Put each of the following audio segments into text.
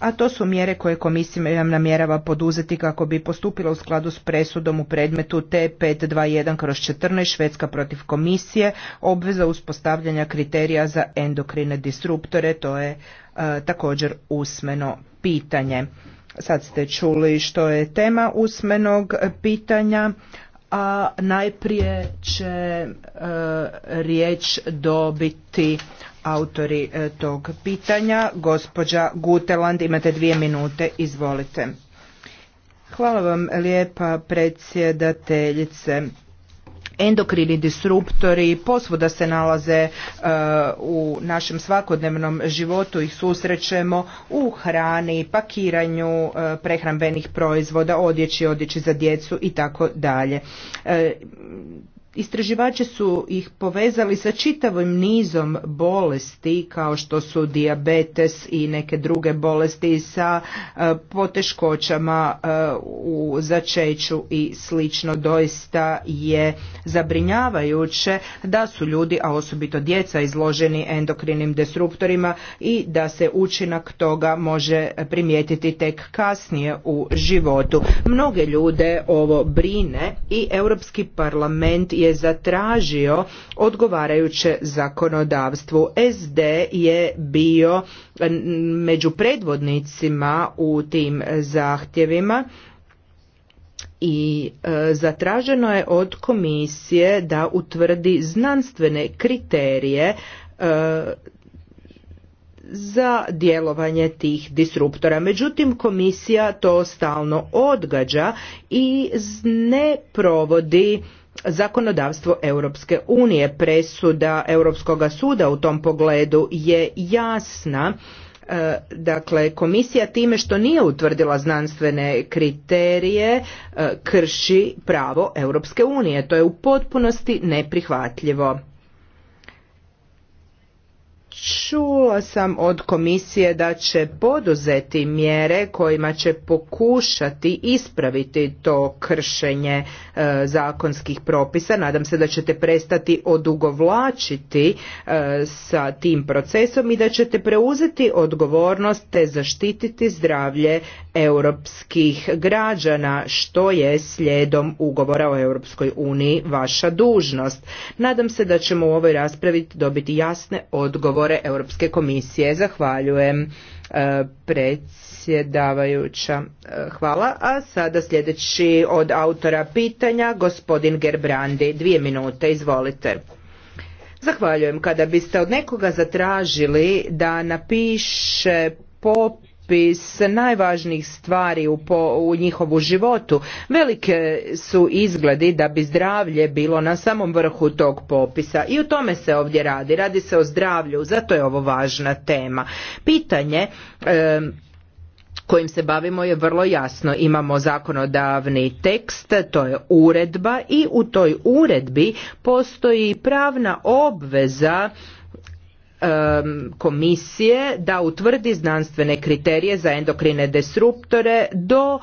a to su mjere koje komisija namjerava poduzeti kako bi postupila u skladu s presudom u predmetu T521 kroz 14 Švedska protiv komisije, obveza uspostavljanja kriterija za endokrine disruptore, to je e, također usmeno pitanje. Sad ste čuli što je tema usmenog pitanja a najprije će e, riječ dobiti autori e, tog pitanja. Gospođa Guteland, imate dvije minute, izvolite. Hvala vam lijepa predsjedateljice endokrini disruptori posvuda se nalaze e, u našem svakodnevnom životu ih susrećemo u hrani, pakiranju e, prehrambenih proizvoda, odjeći, odjeći za djecu i tako dalje. E, Istraživači su ih povezali sa čitavim nizom bolesti kao što su dijabetes i neke druge bolesti sa e, poteškoćama e, u začeću i slično. Doista je zabrinjavajuće da su ljudi, a osobito djeca, izloženi endokrinim disruptorima i da se učinak toga može primijetiti tek kasnije u životu. Mnoge ljude ovo brine i Europski parlament je je zatražio odgovarajuće zakonodavstvu. SD je bio među predvodnicima u tim zahtjevima i e, zatraženo je od komisije da utvrdi znanstvene kriterije e, za djelovanje tih disruptora. Međutim, komisija to stalno odgađa i ne provodi zakonodavstvo Europske unije. Presuda Europskoga suda u tom pogledu je jasna. E, dakle, komisija time što nije utvrdila znanstvene kriterije e, krši pravo Europske unije. To je u potpunosti neprihvatljivo. Čula sam od komisije da će poduzeti mjere kojima će pokušati ispraviti to kršenje e, zakonskih propisa. Nadam se da ćete prestati odugovlačiti e, sa tim procesom i da ćete preuzeti odgovornost te zaštititi zdravlje europskih građana što je slijedom ugovora o Europskoj uniji vaša dužnost. Nadam se da ćemo u ovoj raspravi dobiti jasne odgovore Europske komisije. Zahvaljujem e, predsjedavajuća. E, hvala. A sada sljedeći od autora pitanja, gospodin Gerbrandi. Dvije minute, izvolite. Zahvaljujem. Kada biste od nekoga zatražili da napiše popis opis najvažnijih stvari u, njihovu životu. Velike su izgledi da bi zdravlje bilo na samom vrhu tog popisa i o tome se ovdje radi. Radi se o zdravlju, zato je ovo važna tema. Pitanje kojim se bavimo je vrlo jasno. Imamo zakonodavni tekst, to je uredba i u toj uredbi postoji pravna obveza komisije da utvrdi znanstvene kriterije za endokrine disruptore do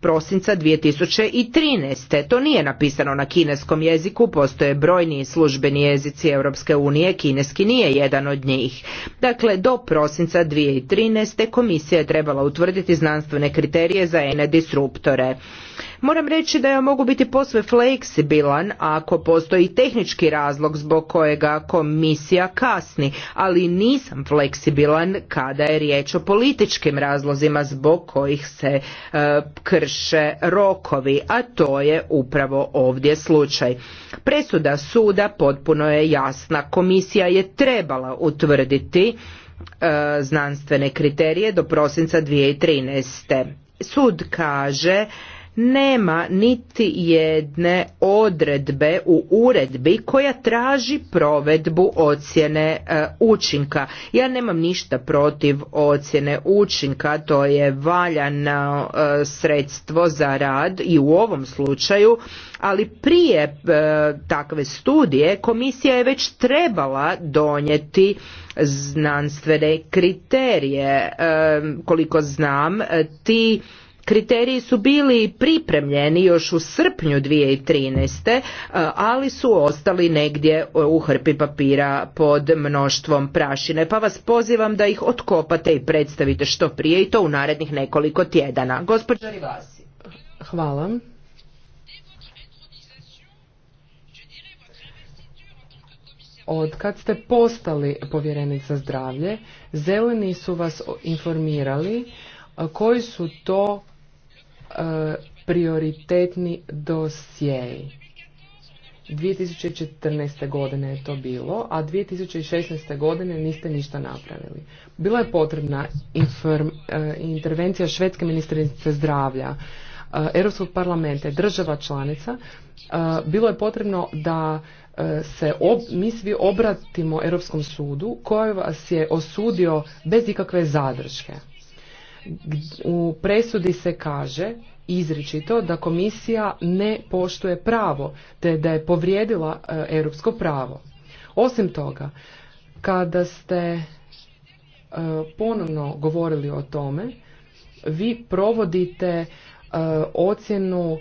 prosinca 2013. To nije napisano na kineskom jeziku, postoje brojni službeni jezici Europske unije, kineski nije jedan od njih. Dakle, do prosinca 2013. komisija je trebala utvrditi znanstvene kriterije za ene disruptore. Moram reći da ja mogu biti posve fleksibilan ako postoji tehnički razlog zbog kojega komisija kasni, ali nisam fleksibilan kada je riječ o političkim razlozima zbog kojih se e, krše rokovi, a to je upravo ovdje slučaj. Presuda suda potpuno je jasna. Komisija je trebala utvrditi e, znanstvene kriterije do prosinca 2013. Sud kaže nema niti jedne odredbe u uredbi koja traži provedbu ocjene e, učinka. Ja nemam ništa protiv ocjene učinka, to je valjano e, sredstvo za rad i u ovom slučaju, ali prije e, takve studije komisija je već trebala donijeti znanstvene kriterije. Koliko znam, ti Kriteriji su bili pripremljeni još u srpnju 2013. ali su ostali negdje e, u hrpi papira pod mnoštvom prašine. Pa vas pozivam da ih otkopate i predstavite što prije i to u narednih nekoliko tjedana. Gospođa Rivasi. Hvala. Od kad ste postali povjerenica za zdravlje, zeleni su vas informirali koji su to prioritetni dosjeji. 2014. godine je to bilo, a 2016. godine niste ništa napravili. Bila je potrebna eh, intervencija švedske ministrice zdravlja, eh, Europskog parlamenta, država članica. Eh, bilo je potrebno da se mi svi obratimo Europskom sudu koji vas je osudio bez ikakve zadrške. U presudi se kaže izričito da komisija ne poštuje pravo, te da je povrijedila e, europsko pravo. Osim toga, kada ste e, ponovno govorili o tome, vi provodite e, ocjenu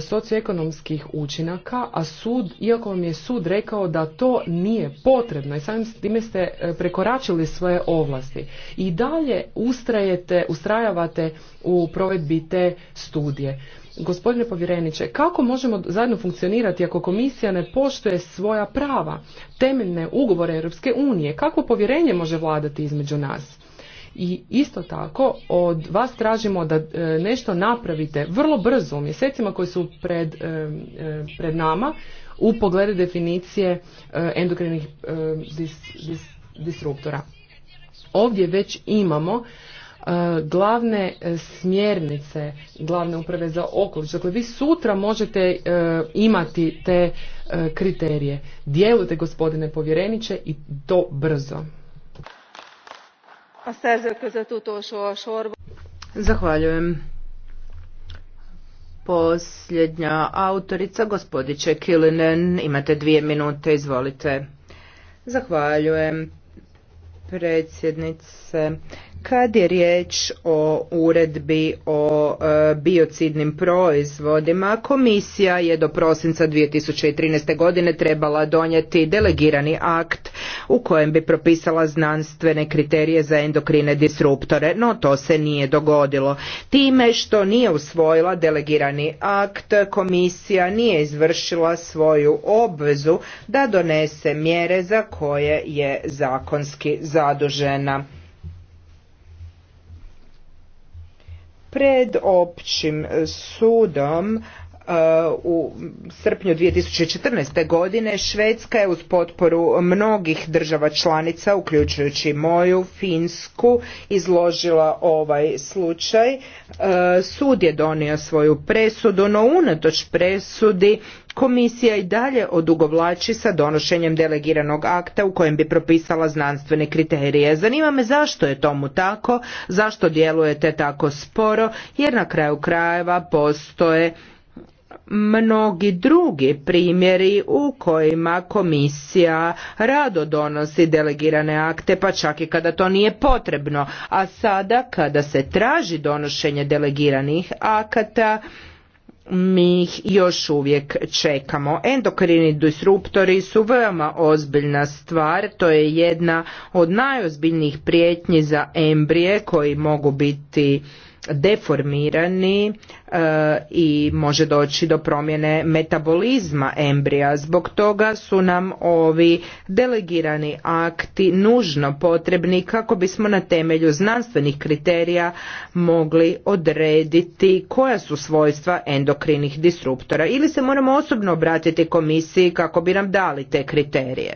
socioekonomskih učinaka, a sud, iako vam je sud rekao da to nije potrebno i samim time ste e, prekoračili svoje ovlasti i dalje ustrajete, ustrajavate u provedbi te studije. Gospodine povjereniče, kako možemo zajedno funkcionirati ako komisija ne poštuje svoja prava, temeljne ugovore Europske unije? Kako povjerenje može vladati između nas? I isto tako od vas tražimo da e, nešto napravite vrlo brzo u mjesecima koji su pred, e, e, pred nama u pogledu definicije endokrinih dis, disruptora. Ovdje već imamo glavne smjernice glavne uprave za okoliš. Dakle, vi sutra možete imati te kriterije. Djelujte, gospodine povjereniče, i to brzo a szerzők között utolsó Zahvaljujem. Posljednja autorica, gospodiće Kilinen, imate dvije minute, izvolite. Zahvaljujem predsjednice. Kad je riječ o uredbi o e, biocidnim proizvodima, komisija je do prosinca 2013. godine trebala donijeti delegirani akt u kojem bi propisala znanstvene kriterije za endokrine disruptore, no to se nije dogodilo. Time što nije usvojila delegirani akt, komisija nije izvršila svoju obvezu da donese mjere za koje je zakonski zadužena. pred općim sudom u srpnju 2014. godine Švedska je uz potporu mnogih država članica, uključujući moju, Finsku, izložila ovaj slučaj. E, sud je donio svoju presudu, no unatoč presudi komisija i dalje odugovlači sa donošenjem delegiranog akta u kojem bi propisala znanstvene kriterije. Zanima me zašto je tomu tako, zašto djelujete tako sporo, jer na kraju krajeva postoje mnogi drugi primjeri u kojima komisija rado donosi delegirane akte pa čak i kada to nije potrebno a sada kada se traži donošenje delegiranih akata mi ih još uvijek čekamo. Endokrini disruptori su veoma ozbiljna stvar, to je jedna od najozbiljnijih prijetnji za embrije koji mogu biti deformirani e, i može doći do promjene metabolizma embrija. Zbog toga su nam ovi delegirani akti nužno potrebni kako bismo na temelju znanstvenih kriterija mogli odrediti koja su svojstva endokrinih disruptora ili se moramo osobno obratiti komisiji kako bi nam dali te kriterije.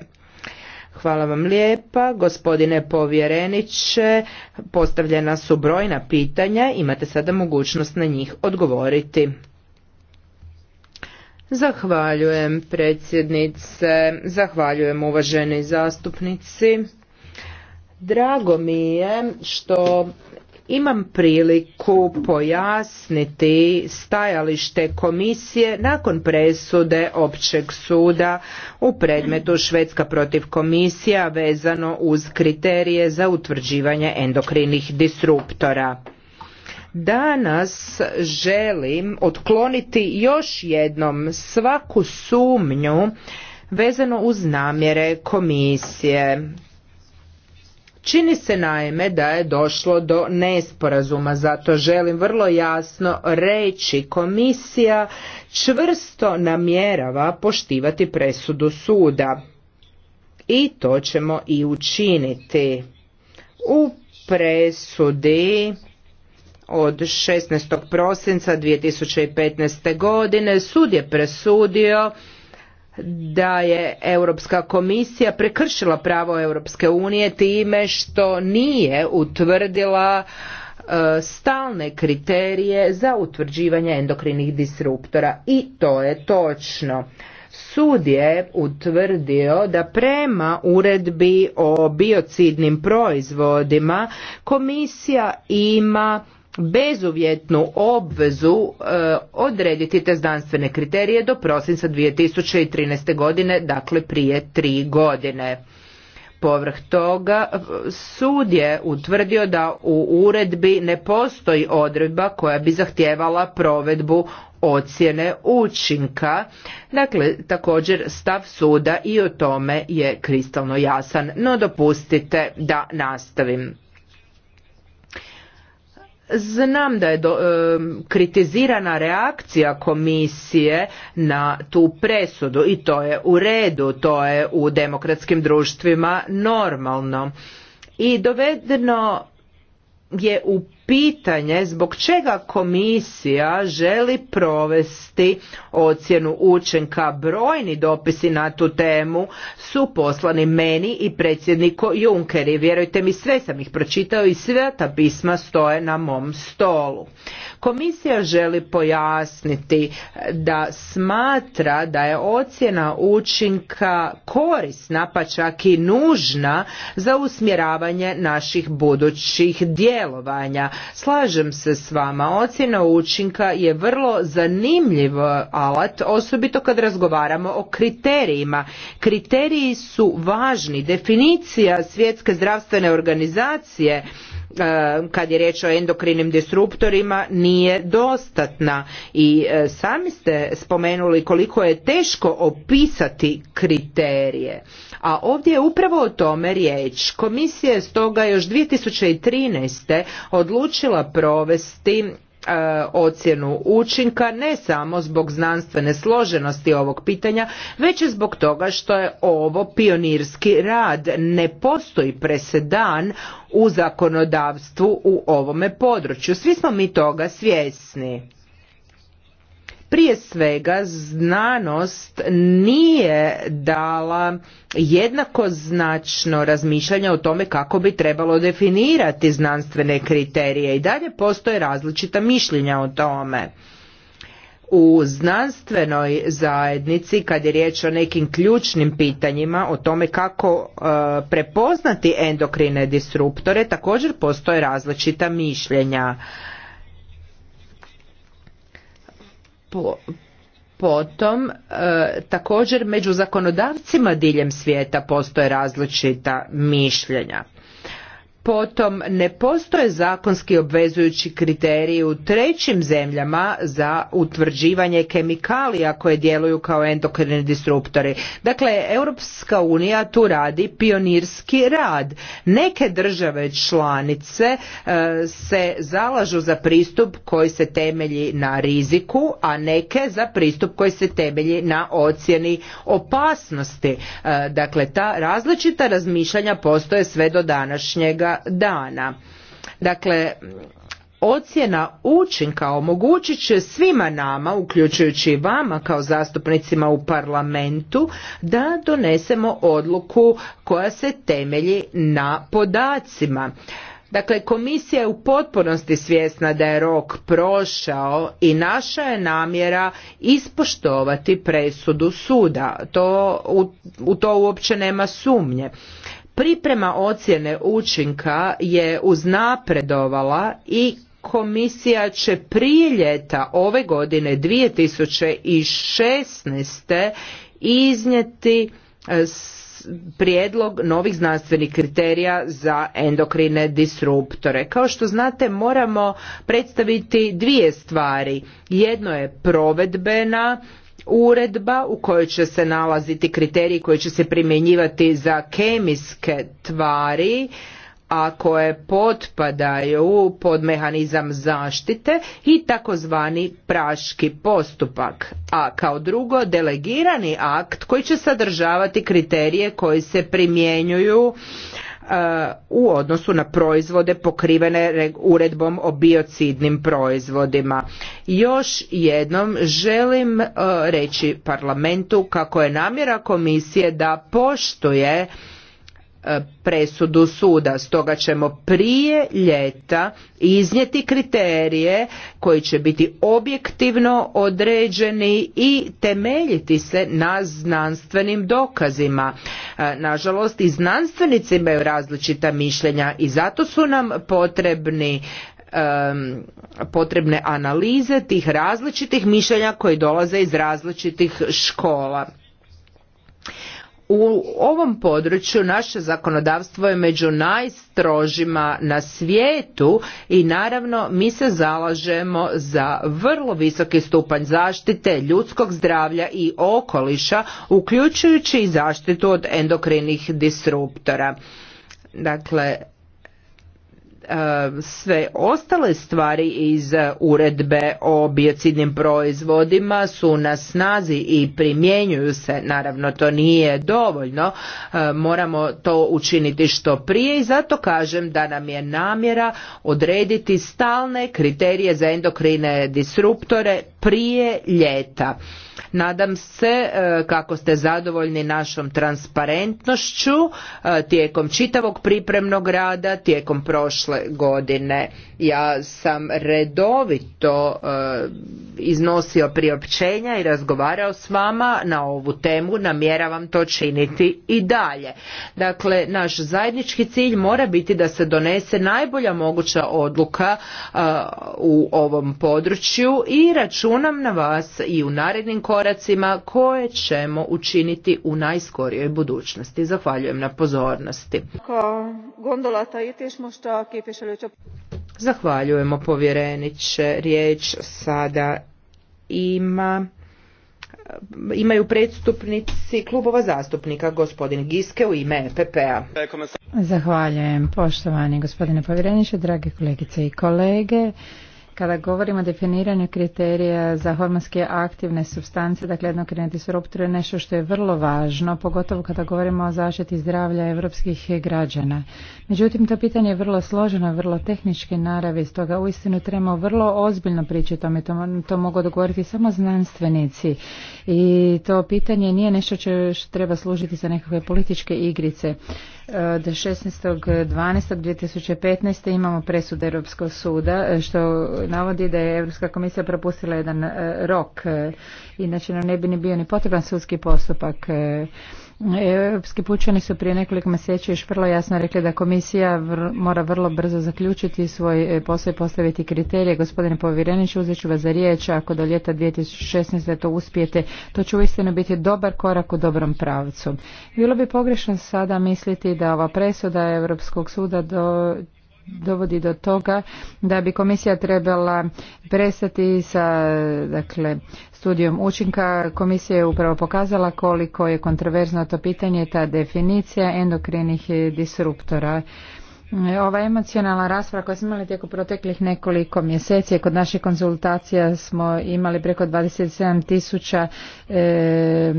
Hvala vam lijepa, gospodine povjereniče, postavljena su brojna pitanja, imate sada mogućnost na njih odgovoriti. Zahvaljujem predsjednice, zahvaljujem uvaženi zastupnici. Drago mi je što imam priliku pojasniti stajalište komisije nakon presude općeg suda u predmetu Švedska protiv komisija vezano uz kriterije za utvrđivanje endokrinih disruptora. Danas želim otkloniti još jednom svaku sumnju vezano uz namjere komisije Čini se naime da je došlo do nesporazuma, zato želim vrlo jasno reći komisija čvrsto namjerava poštivati presudu suda. I to ćemo i učiniti. U presudi od 16. prosinca 2015. godine sud je presudio da je Europska komisija prekršila pravo Europske unije time što nije utvrdila e, stalne kriterije za utvrđivanje endokrinih disruptora i to je točno. Sud je utvrdio da prema uredbi o biocidnim proizvodima komisija ima bezuvjetnu obvezu e, odrediti te znanstvene kriterije do prosinca 2013. godine, dakle prije tri godine. Povrh toga sud je utvrdio da u uredbi ne postoji odredba koja bi zahtijevala provedbu ocjene učinka. Dakle, također stav suda i o tome je kristalno jasan, no dopustite da nastavim. Znam da je do, kritizirana reakcija komisije na tu presudu i to je u redu, to je u demokratskim društvima normalno. I dovedeno je u pitanje zbog čega komisija želi provesti ocjenu učenka. Brojni dopisi na tu temu su poslani meni i predsjedniku Juncker vjerujte mi sve sam ih pročitao i sve ta pisma stoje na mom stolu. Komisija želi pojasniti da smatra da je ocjena učinka korisna pa čak i nužna za usmjeravanje naših budućih djelovanja Slažem se s vama, ocjena učinka je vrlo zanimljiv alat, osobito kad razgovaramo o kriterijima. Kriteriji su važni, definicija svjetske zdravstvene organizacije e, kad je riječ o endokrinim disruptorima nije dostatna i e, sami ste spomenuli koliko je teško opisati kriterije a ovdje je upravo o tome riječ. Komisija je stoga još 2013. odlučila provesti e, ocjenu učinka ne samo zbog znanstvene složenosti ovog pitanja, već i zbog toga što je ovo pionirski rad. Ne postoji presedan u zakonodavstvu u ovome području. Svi smo mi toga svjesni. Prije svega znanost nije dala jednako značno razmišljanje o tome kako bi trebalo definirati znanstvene kriterije i dalje postoje različita mišljenja o tome u znanstvenoj zajednici kad je riječ o nekim ključnim pitanjima o tome kako e, prepoznati endokrine disruptore također postoje različita mišljenja po, potom e, također među zakonodavcima diljem svijeta postoje različita mišljenja Potom ne postoje zakonski obvezujući kriteriji u trećim zemljama za utvrđivanje kemikalija koje djeluju kao endokrini disruptori. Dakle, Europska unija tu radi pionirski rad. Neke države članice e, se zalažu za pristup koji se temelji na riziku, a neke za pristup koji se temelji na ocjeni opasnosti. E, dakle, ta različita razmišljanja postoje sve do današnjega dana. Dakle, ocjena učinka omogućit će svima nama, uključujući i vama kao zastupnicima u parlamentu, da donesemo odluku koja se temelji na podacima. Dakle, komisija je u potpunosti svjesna da je rok prošao i naša je namjera ispoštovati presudu suda. To, u to uopće nema sumnje. Priprema ocjene učinka je uznapredovala i komisija će prije ljeta ove godine 2016. iznijeti e, prijedlog novih znanstvenih kriterija za endokrine disruptore. Kao što znate moramo predstaviti dvije stvari. Jedno je provedbena uredba u kojoj će se nalaziti kriteriji koji će se primjenjivati za kemijske tvari a koje potpadaju pod mehanizam zaštite i takozvani praški postupak, a kao drugo delegirani akt koji će sadržavati kriterije koji se primjenjuju E, u odnosu na proizvode pokrivene uredbom o biocidnim proizvodima. Još jednom želim e, reći parlamentu kako je namjera komisije da poštuje E, presudu suda. Stoga ćemo prije ljeta iznijeti kriterije koji će biti objektivno određeni i temeljiti se na znanstvenim dokazima. E, nažalost i znanstvenici imaju različita mišljenja i zato su nam potrebni potrebne analize tih različitih mišljenja koji dolaze iz različitih škola u ovom području naše zakonodavstvo je među najstrožima na svijetu i naravno mi se zalažemo za vrlo visoki stupanj zaštite ljudskog zdravlja i okoliša uključujući i zaštitu od endokrinih disruptora. Dakle, E, sve ostale stvari iz uredbe o biocidnim proizvodima su na snazi i primjenjuju se naravno to nije dovoljno e, moramo to učiniti što prije i zato kažem da nam je namjera odrediti stalne kriterije za endokrine disruptore prije ljeta Nadam se e, kako ste zadovoljni našom transparentnošću e, tijekom čitavog pripremnog rada, tijekom prošle godine. Ja sam redovito e, iznosio priopćenja i razgovarao s vama na ovu temu, namjeravam to činiti i dalje. Dakle, naš zajednički cilj mora biti da se donese najbolja moguća odluka u ovom području i računam na vas i u narednim koracima koje ćemo učiniti u najskorijoj budućnosti. Zahvaljujem na pozornosti. Zahvaljujemo povjereniće. Riječ sada ima imaju predstupnici klubova zastupnika gospodin Giske u ime EPP-a. Zahvaljujem poštovani gospodine povjereniče, drage kolegice i kolege. Kada govorimo o definiranju kriterija za hormonske aktivne substance, dakle endokrini disruptore je nešto što je vrlo važno, pogotovo kada govorimo o zaštiti zdravlja evropskih građana. Međutim, to pitanje je vrlo složeno, vrlo tehnički naravi, stoga uistinu trebamo vrlo ozbiljno pričati o tome, to, mogu dogovoriti samo znanstvenici. I to pitanje nije nešto što treba služiti za nekakve političke igrice. Od 16.12.2015. imamo presudu Europskog suda e, što navodi da je Europska komisija propustila jedan e, rok. E, inače nam ne bi ni bio ni potreban sudski postupak. Europski pučani su prije nekoliko mjeseci još vrlo jasno rekli da komisija vr mora vrlo brzo zaključiti svoj e, posao i postaviti kriterije. Gospodine povjereniče, uzet ću vas za riječ, ako do ljeta 2016. to uspijete, to će uistinu biti dobar korak u dobrom pravcu. Bilo bi pogrešno sada misliti da ova presuda Europskog suda do dovodi do toga da bi komisija trebala prestati sa dakle, studijom učinka. Komisija je upravo pokazala koliko je kontroverzno to pitanje ta definicija endokrinih disruptora. Ova emocionalna rasprava koju smo imali tijekom proteklih nekoliko mjeseci, kod naših konzultacija smo imali preko 27 tisuća e,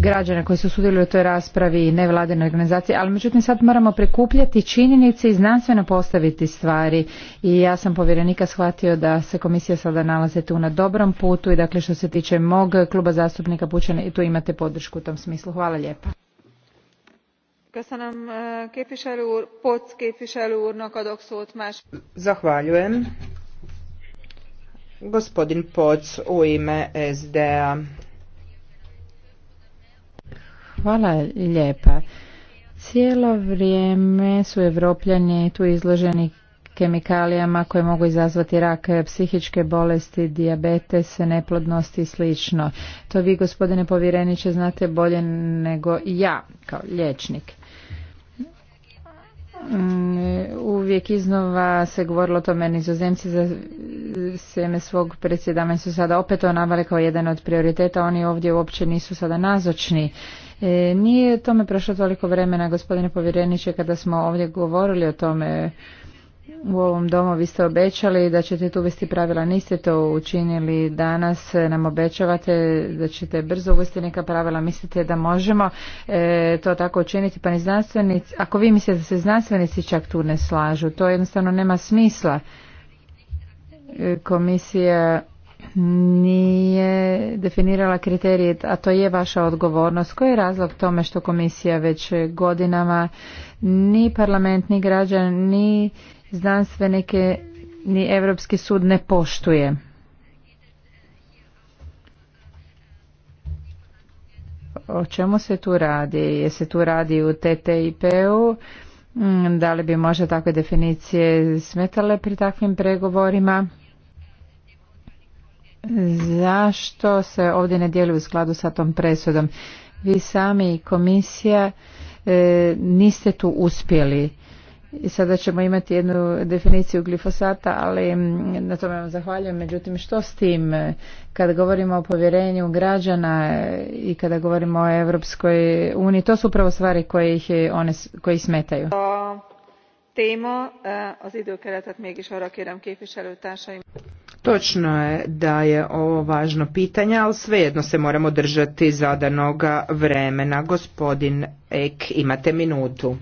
građana koji su sudjelovali u toj raspravi i nevladine organizacije, ali međutim sad moramo prikupljati činjenice i znanstveno postaviti stvari i ja sam povjerenika shvatio da se komisija sada nalaze tu na dobrom putu i dakle što se tiče mog kluba zastupnika i tu imate podršku u tom smislu. Hvala lijepa. Eh, Zahvaljujem. Gospodin Poc u ime SDA. Hvala lijepa. Cijelo vrijeme su evropljani tu izloženi kemikalijama koje mogu izazvati rak, psihičke bolesti, dijabetes, neplodnosti i slično. To vi gospodine povjereniče znate bolje nego ja kao liječnik. Mm, uvijek iznova se govorilo o tome nizozemci za sveme svog predsjedavanja su sada opet onavale kao jedan od prioriteta, oni ovdje uopće nisu sada nazočni E, nije tome prošlo toliko vremena, gospodine povjereniče, kada smo ovdje govorili o tome u ovom domu vi ste obećali da ćete tu uvesti pravila, niste to učinili danas, nam obećavate da ćete brzo uvesti neka pravila, mislite da možemo e, to tako učiniti, pa ni znanstvenici, ako vi mislite da se znanstvenici čak tu ne slažu, to jednostavno nema smisla. E, komisija nije definirala kriterije, a to je vaša odgovornost. Koji je razlog tome što komisija već godinama ni parlament, ni građan, ni znanstvenike, ni Europski sud ne poštuje? O čemu se tu radi? Je se tu radi u TTIP-u? Mm, da li bi možda takve definicije smetale pri takvim pregovorima? zašto se ovdje ne dijeli u skladu sa tom presudom. Vi sami i komisija e, niste tu uspjeli. I sada ćemo imati jednu definiciju glifosata, ali na tome vam zahvaljujem. Međutim, što s tim kad govorimo o povjerenju građana e, i kada govorimo o Europskoj uniji, to su upravo stvari koje ih, one, koji smetaju. Temo, az időkeretet mégis arra kérem képviselőtársaim. Točno je da je ovo važno pitanje, ali svejedno se moramo držati zadanoga vremena. Gospodin Ek, imate minutu.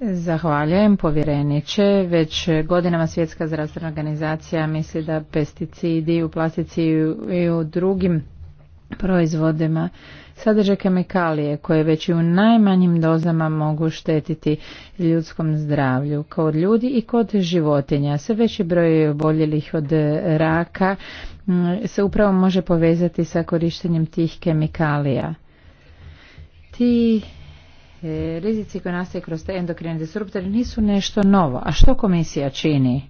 Zahvaljujem povjereniče. Već godinama Svjetska zdravstvena organizacija misli da pesticidi u plastici i u drugim proizvodima sadrže kemikalije koje već i u najmanjim dozama mogu štetiti ljudskom zdravlju, kod ljudi i kod životinja. Sve veći broj oboljelih od raka mm, se upravo može povezati sa korištenjem tih kemikalija. Ti e, rizici koji nastaju kroz te endokrine disruptore nisu nešto novo. A što komisija čini?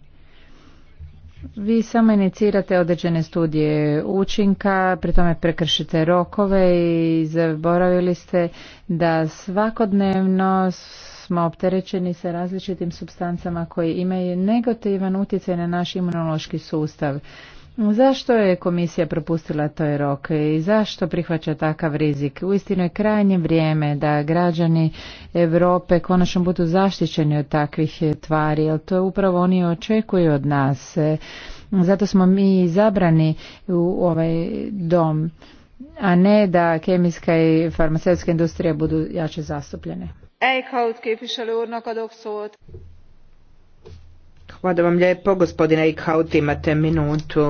Vi samo inicirate određene studije učinka, pri tome prekršite rokove i zaboravili ste da svakodnevno smo opterećeni sa različitim substancama koje imaju negativan utjecaj na naš imunološki sustav. Zašto je komisija propustila toj rok i zašto prihvaća takav rizik? Uistinu je krajnje vrijeme da građani Europe konačno budu zaštićeni od takvih tvari, jer to upravo oni očekuju od nas. Zato smo mi izabrani u ovaj dom, a ne da kemijska i farmaceutska industrija budu jače zastupljene. Hvala vam lijepo, gospodine Eichhout, imate minutu.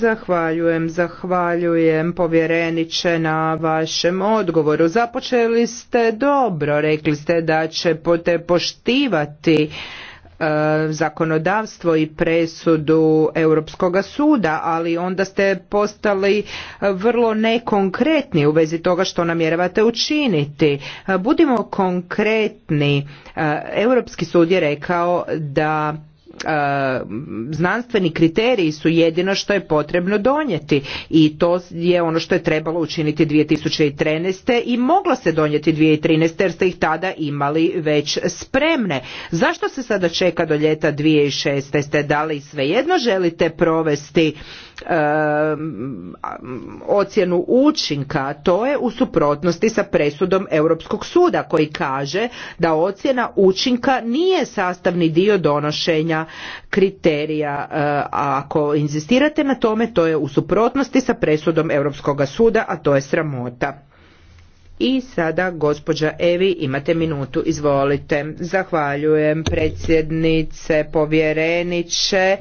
Zahvaljujem, zahvaljujem povjereniče na vašem odgovoru. Započeli ste dobro, rekli ste da pote poštivati E, zakonodavstvo i presudu Europskoga suda, ali onda ste postali vrlo nekonkretni u vezi toga što namjeravate učiniti. E, budimo konkretni. E, Europski sud je rekao da E, znanstveni kriteriji su jedino što je potrebno donijeti i to je ono što je trebalo učiniti 2013. i moglo se donijeti 2013. jer ste ih tada imali već spremne. Zašto se sada čeka do ljeta 2016. Da li svejedno želite provesti ocjenu učinka to je u suprotnosti sa presudom europskog suda koji kaže da ocjena učinka nije sastavni dio donošenja kriterija ako inzistirate na tome to je u suprotnosti sa presudom Europskog suda a to je sramota i sada gospođa Evi imate minutu, izvolite. Zahvaljujem predsjednice, povjereniče.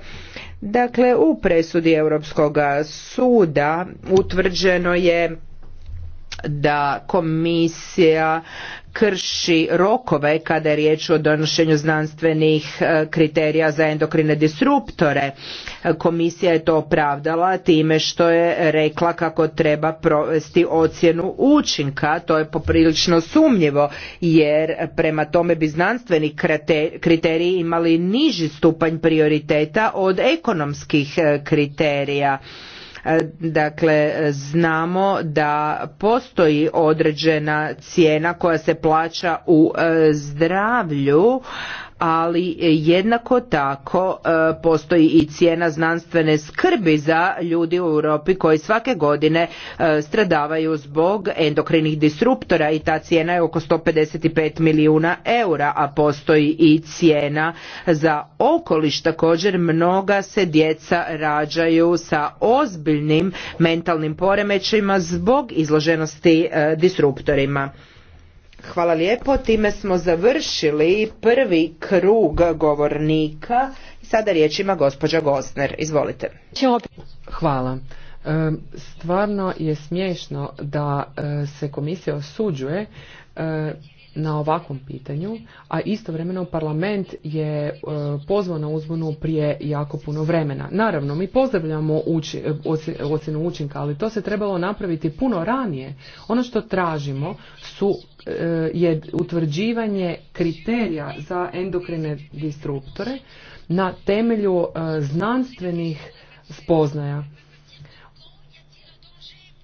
Dakle, u presudi Europskog suda utvrđeno je da komisija krši rokove kada je riječ o donošenju znanstvenih e, kriterija za endokrine disruptore. E, komisija je to opravdala time što je rekla kako treba provesti ocjenu učinka. To je poprilično sumnjivo jer prema tome bi znanstveni kriteriji imali niži stupanj prioriteta od ekonomskih e, kriterija. Dakle, znamo da postoji određena cijena koja se plaća u e, zdravlju ali e, jednako tako e, postoji i cijena znanstvene skrbi za ljudi u Europi koji svake godine e, stradavaju zbog endokrinih disruptora i ta cijena je oko 155 milijuna eura, a postoji i cijena za okoliš. Također mnoga se djeca rađaju sa ozbiljnim mentalnim poremećajima zbog izloženosti disruptorima. Hvala lijepo. Time smo završili prvi krug govornika. Sada riječ ima gospođa Gosner. Izvolite. Hvala. E, stvarno je smiješno da e, se komisija osuđuje e, na ovakvom pitanju, a istovremeno parlament je pozvao na uzbunu prije jako puno vremena. Naravno, mi pozdravljamo ocjenu učinka, ali to se trebalo napraviti puno ranije. Ono što tražimo su E, je utvrđivanje kriterija za endokrine disruptore na temelju e, znanstvenih spoznaja.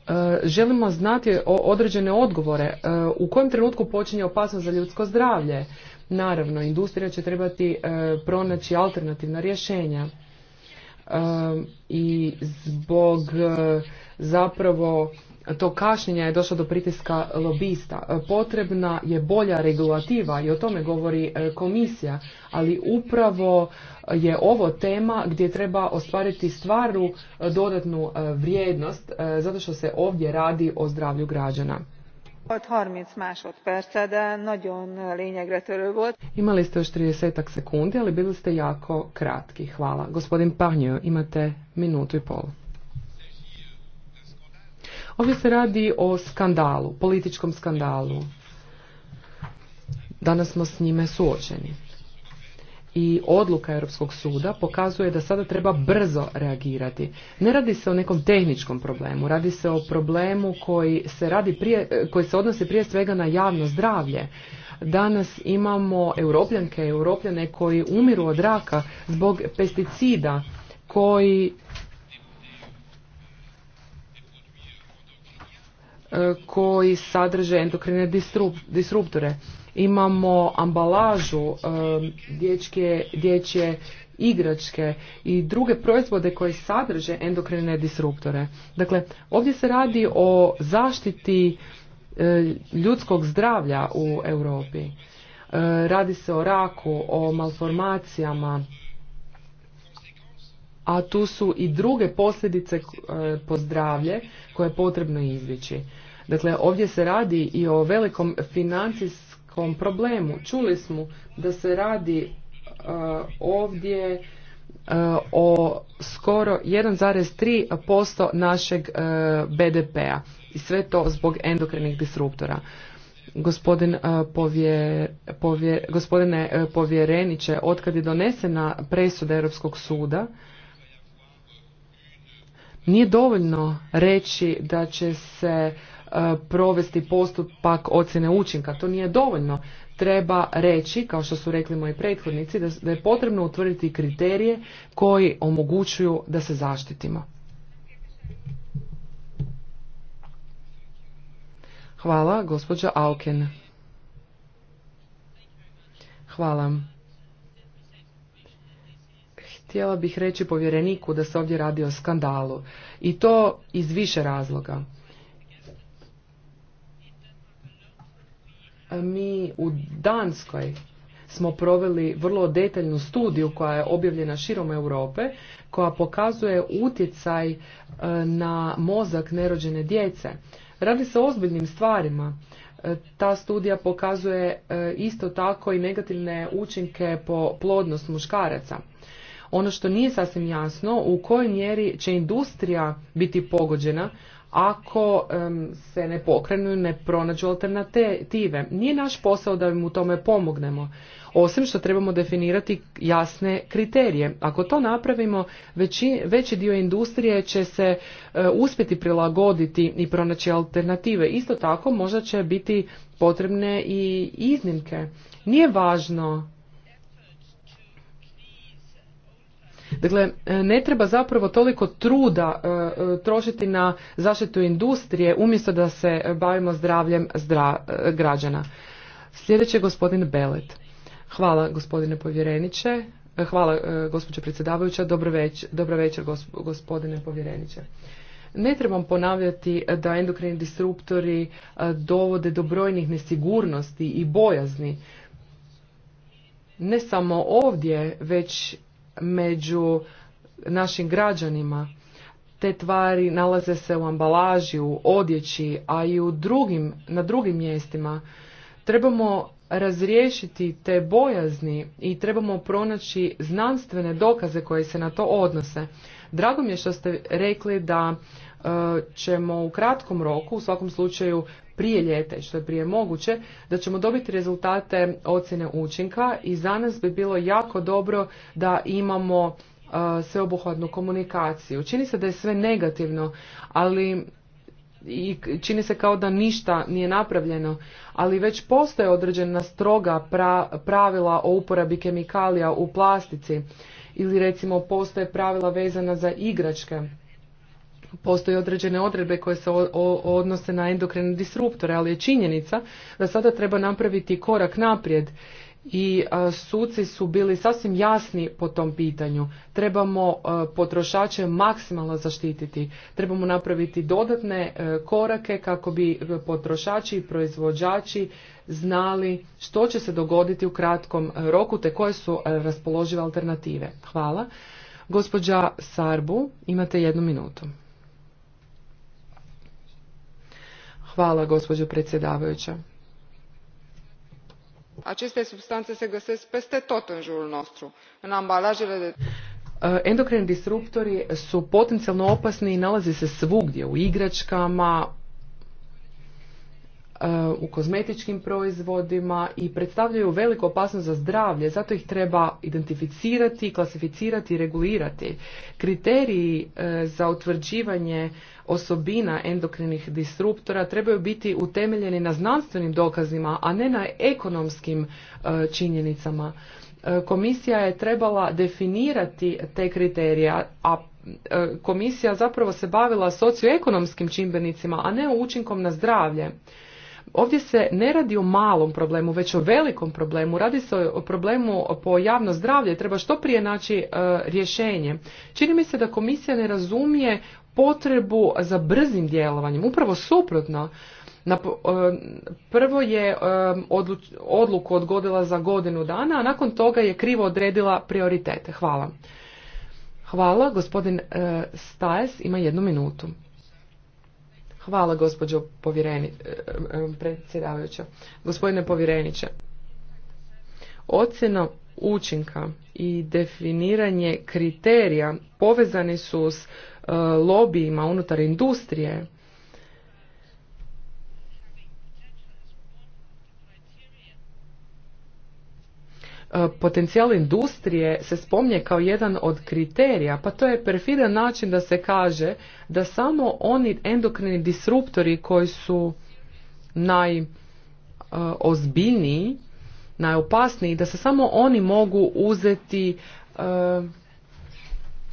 E, želimo znati određene odgovore. U kojem trenutku počinje opasnost za ljudsko zdravlje? Naravno, industrija će trebati pronaći alternativna rješenja. I zbog zapravo to kašnjenja je došlo do pritiska lobista. Potrebna je bolja regulativa i o tome govori e, komisija, ali upravo je ovo tema gdje treba ostvariti stvarnu e, dodatnu e, vrijednost zato što se ovdje radi o zdravlju građana. Imali ste još 30 sekundi, ali bili ste jako kratki. Hvala. Gospodin Pahnjo, imate minutu i pol. Ovdje se radi o skandalu, političkom skandalu. Danas smo s njime suočeni. I odluka Europskog suda pokazuje da sada treba brzo reagirati. Ne radi se o nekom tehničkom problemu, radi se o problemu koji se, radi prije, koji se odnosi prije svega na javno zdravlje. Danas imamo europljanke i europljane koji umiru od raka zbog pesticida koji E, koji sadrže endokrine disruptore. Imamo ambalažu, e, dječje, dječje igračke i druge proizvode koji sadrže endokrine disruptore. Dakle, ovdje se radi o zaštiti e, ljudskog zdravlja u Europi. Radi se o raku, o malformacijama, a tu su i druge posljedice eh, pozdravlje koje je potrebno izbjeći. Dakle, ovdje se radi i o velikom financijskom problemu. Čuli smo da se radi eh, ovdje eh, o skoro 1,3% našeg BDP-a i sve to zbog endokrinih disruptora. Gospodin, gospodine povjereniče, otkad je donesena presuda Europskog suda, nije dovoljno reći da će se e, provesti postupak ocjene učinka. To nije dovoljno. Treba reći, kao što su rekli moji prethodnici, da je potrebno utvrditi kriterije koji omogućuju da se zaštitimo. Hvala, gospođa Auken. Hvala htjela bih reći povjereniku da se ovdje radi o skandalu i to iz više razloga. E, mi u Danskoj smo proveli vrlo detaljnu studiju koja je objavljena širom Europe koja pokazuje utjecaj e, na mozak nerođene djece. Radi se o ozbiljnim stvarima. E, ta studija pokazuje isto tako i negativne učinke po plodnost muškaraca. Ono što nije sasvim jasno u kojoj mjeri će industrija biti pogođena ako se ne pokrenu i ne pronađu alternative. Nije naš posao da im u tome pomognemo. Osim što trebamo definirati jasne kriterije. Ako to napravimo, veći, veći dio industrije će se e, uspjeti prilagoditi i pronaći alternative. Isto tako možda će biti potrebne i iznimke. Nije važno Dakle, e, ne treba zapravo toliko truda e, e, trošiti na zaštitu industrije umjesto da se bavimo zdravljem građana. Sljedeći je gospodin Belet. Hvala gospodine povjereniče. Hvala gospođo predsjedavajuća. Dobro večer, dobro večer gospodine povjereniče. Ne trebam ponavljati da endokrini disruptori dovode do brojnih nesigurnosti i bojazni. Ne samo ovdje, već među našim građanima. Te tvari nalaze se u ambalaži, u odjeći, a i u drugim, na drugim mjestima. Trebamo razriješiti te bojazni i trebamo pronaći znanstvene dokaze koje se na to odnose. Drago mi je što ste rekli da e, ćemo u kratkom roku, u svakom slučaju prije ljeta što je prije moguće, da ćemo dobiti rezultate ocjene učinka i za nas bi bilo jako dobro da imamo sveobuhodnu sveobuhvatnu komunikaciju. Čini se da je sve negativno, ali i čini se kao da ništa nije napravljeno, ali već postoje određena stroga pravila o uporabi kemikalija u plastici ili recimo postoje pravila vezana za igračke postoje određene odredbe koje se odnose na endokrine disruptore, ali je činjenica da sada treba napraviti korak naprijed i suci su bili sasvim jasni po tom pitanju. Trebamo potrošače maksimalno zaštititi. Trebamo napraviti dodatne e, korake kako bi e, potrošači i proizvođači znali što će se dogoditi u kratkom e, roku te koje su raspoložive alternative. Hvala. Gospođa Sarbu, imate jednu minutu. Hvala, gospođo predsjedavajuća. Aceste substanțe se găsesc peste tot în jurul nostru, în ambalajele de... E, disruptori su potencijalno opasni i nalaze se svugdje, u igračkama, E, u kozmetičkim proizvodima i predstavljaju veliku opasnost za zdravlje, zato ih treba identificirati, klasificirati i regulirati. Kriteriji e, za utvrđivanje osobina endokrinih disruptora trebaju biti utemeljeni na znanstvenim dokazima, a ne na ekonomskim e, činjenicama. Komisija je trebala definirati te kriterije, a komisija zapravo se bavila socioekonomskim čimbenicima, a ne učinkom na zdravlje. Ovdje se ne radi o malom problemu, već o velikom problemu. Radi se o problemu po javno zdravlje. Treba što prije naći e, rješenje. Čini mi se da komisija ne razumije potrebu za brzim djelovanjem. Upravo suprotno. E, prvo je e, odluku odgodila za godinu dana, a nakon toga je krivo odredila prioritete. Hvala. Hvala, gospodin Stajes ima jednu minutu. Hvala gospođo e, e, predsjedavajuća. Gospodine povjereniče, ocjena učinka i definiranje kriterija povezani su s e, lobijima unutar industrije E, potencijal industrije se spomnje kao jedan od kriterija, pa to je perfidan način da se kaže da samo oni endokrini disruptori koji su najozbiljniji, e, najopasniji, da se samo oni mogu uzeti e,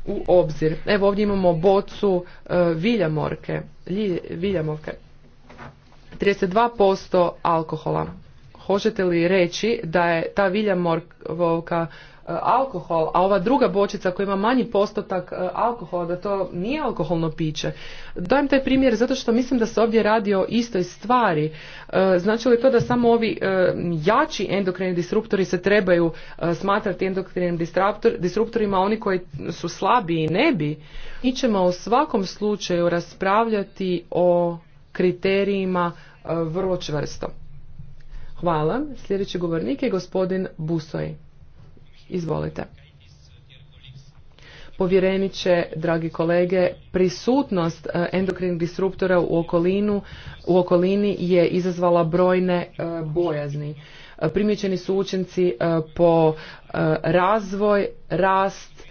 u obzir. Evo ovdje imamo bocu viljamorke, viljamorke, 32% alkohola hoćete li reći da je ta vilja e, alkohol, a ova druga bočica koja ima manji postotak e, alkohola, da to nije alkoholno piće. Dajem taj primjer zato što mislim da se ovdje radi o istoj stvari. E, znači li to da samo ovi jači endokrini disruptori se trebaju smatrati endokrinim disruptorima, oni koji su slabi i ne bi? Mi ćemo u svakom slučaju raspravljati o kriterijima vrlo čvrsto. Hvala. Sljedeći govornik je gospodin Busoj. Izvolite. Povjereniće, dragi kolege, prisutnost e, endokrin disruptora u, okolinu, u okolini je izazvala brojne e, bojazni. E, primjećeni su učenci po razvoj, rast,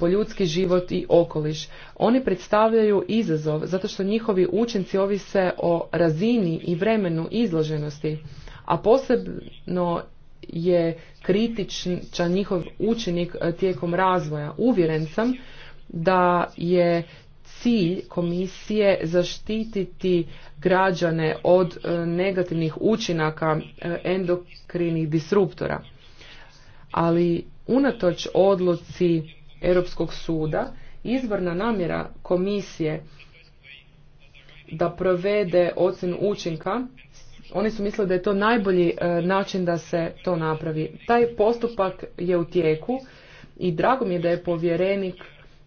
po ljudski život i okoliš. Oni predstavljaju izazov zato što njihovi učenci ovise o razini i vremenu izloženosti a posebno je kritičan njihov učenik e, tijekom razvoja. Uvjeren sam da je cilj komisije zaštititi građane od e, negativnih učinaka e, endokrinih disruptora. Ali unatoč odluci Europskog suda, izvorna namjera komisije da provede ocjenu učinka oni su mislili da je to najbolji e, način da se to napravi. Taj postupak je u tijeku i drago mi je da je povjerenik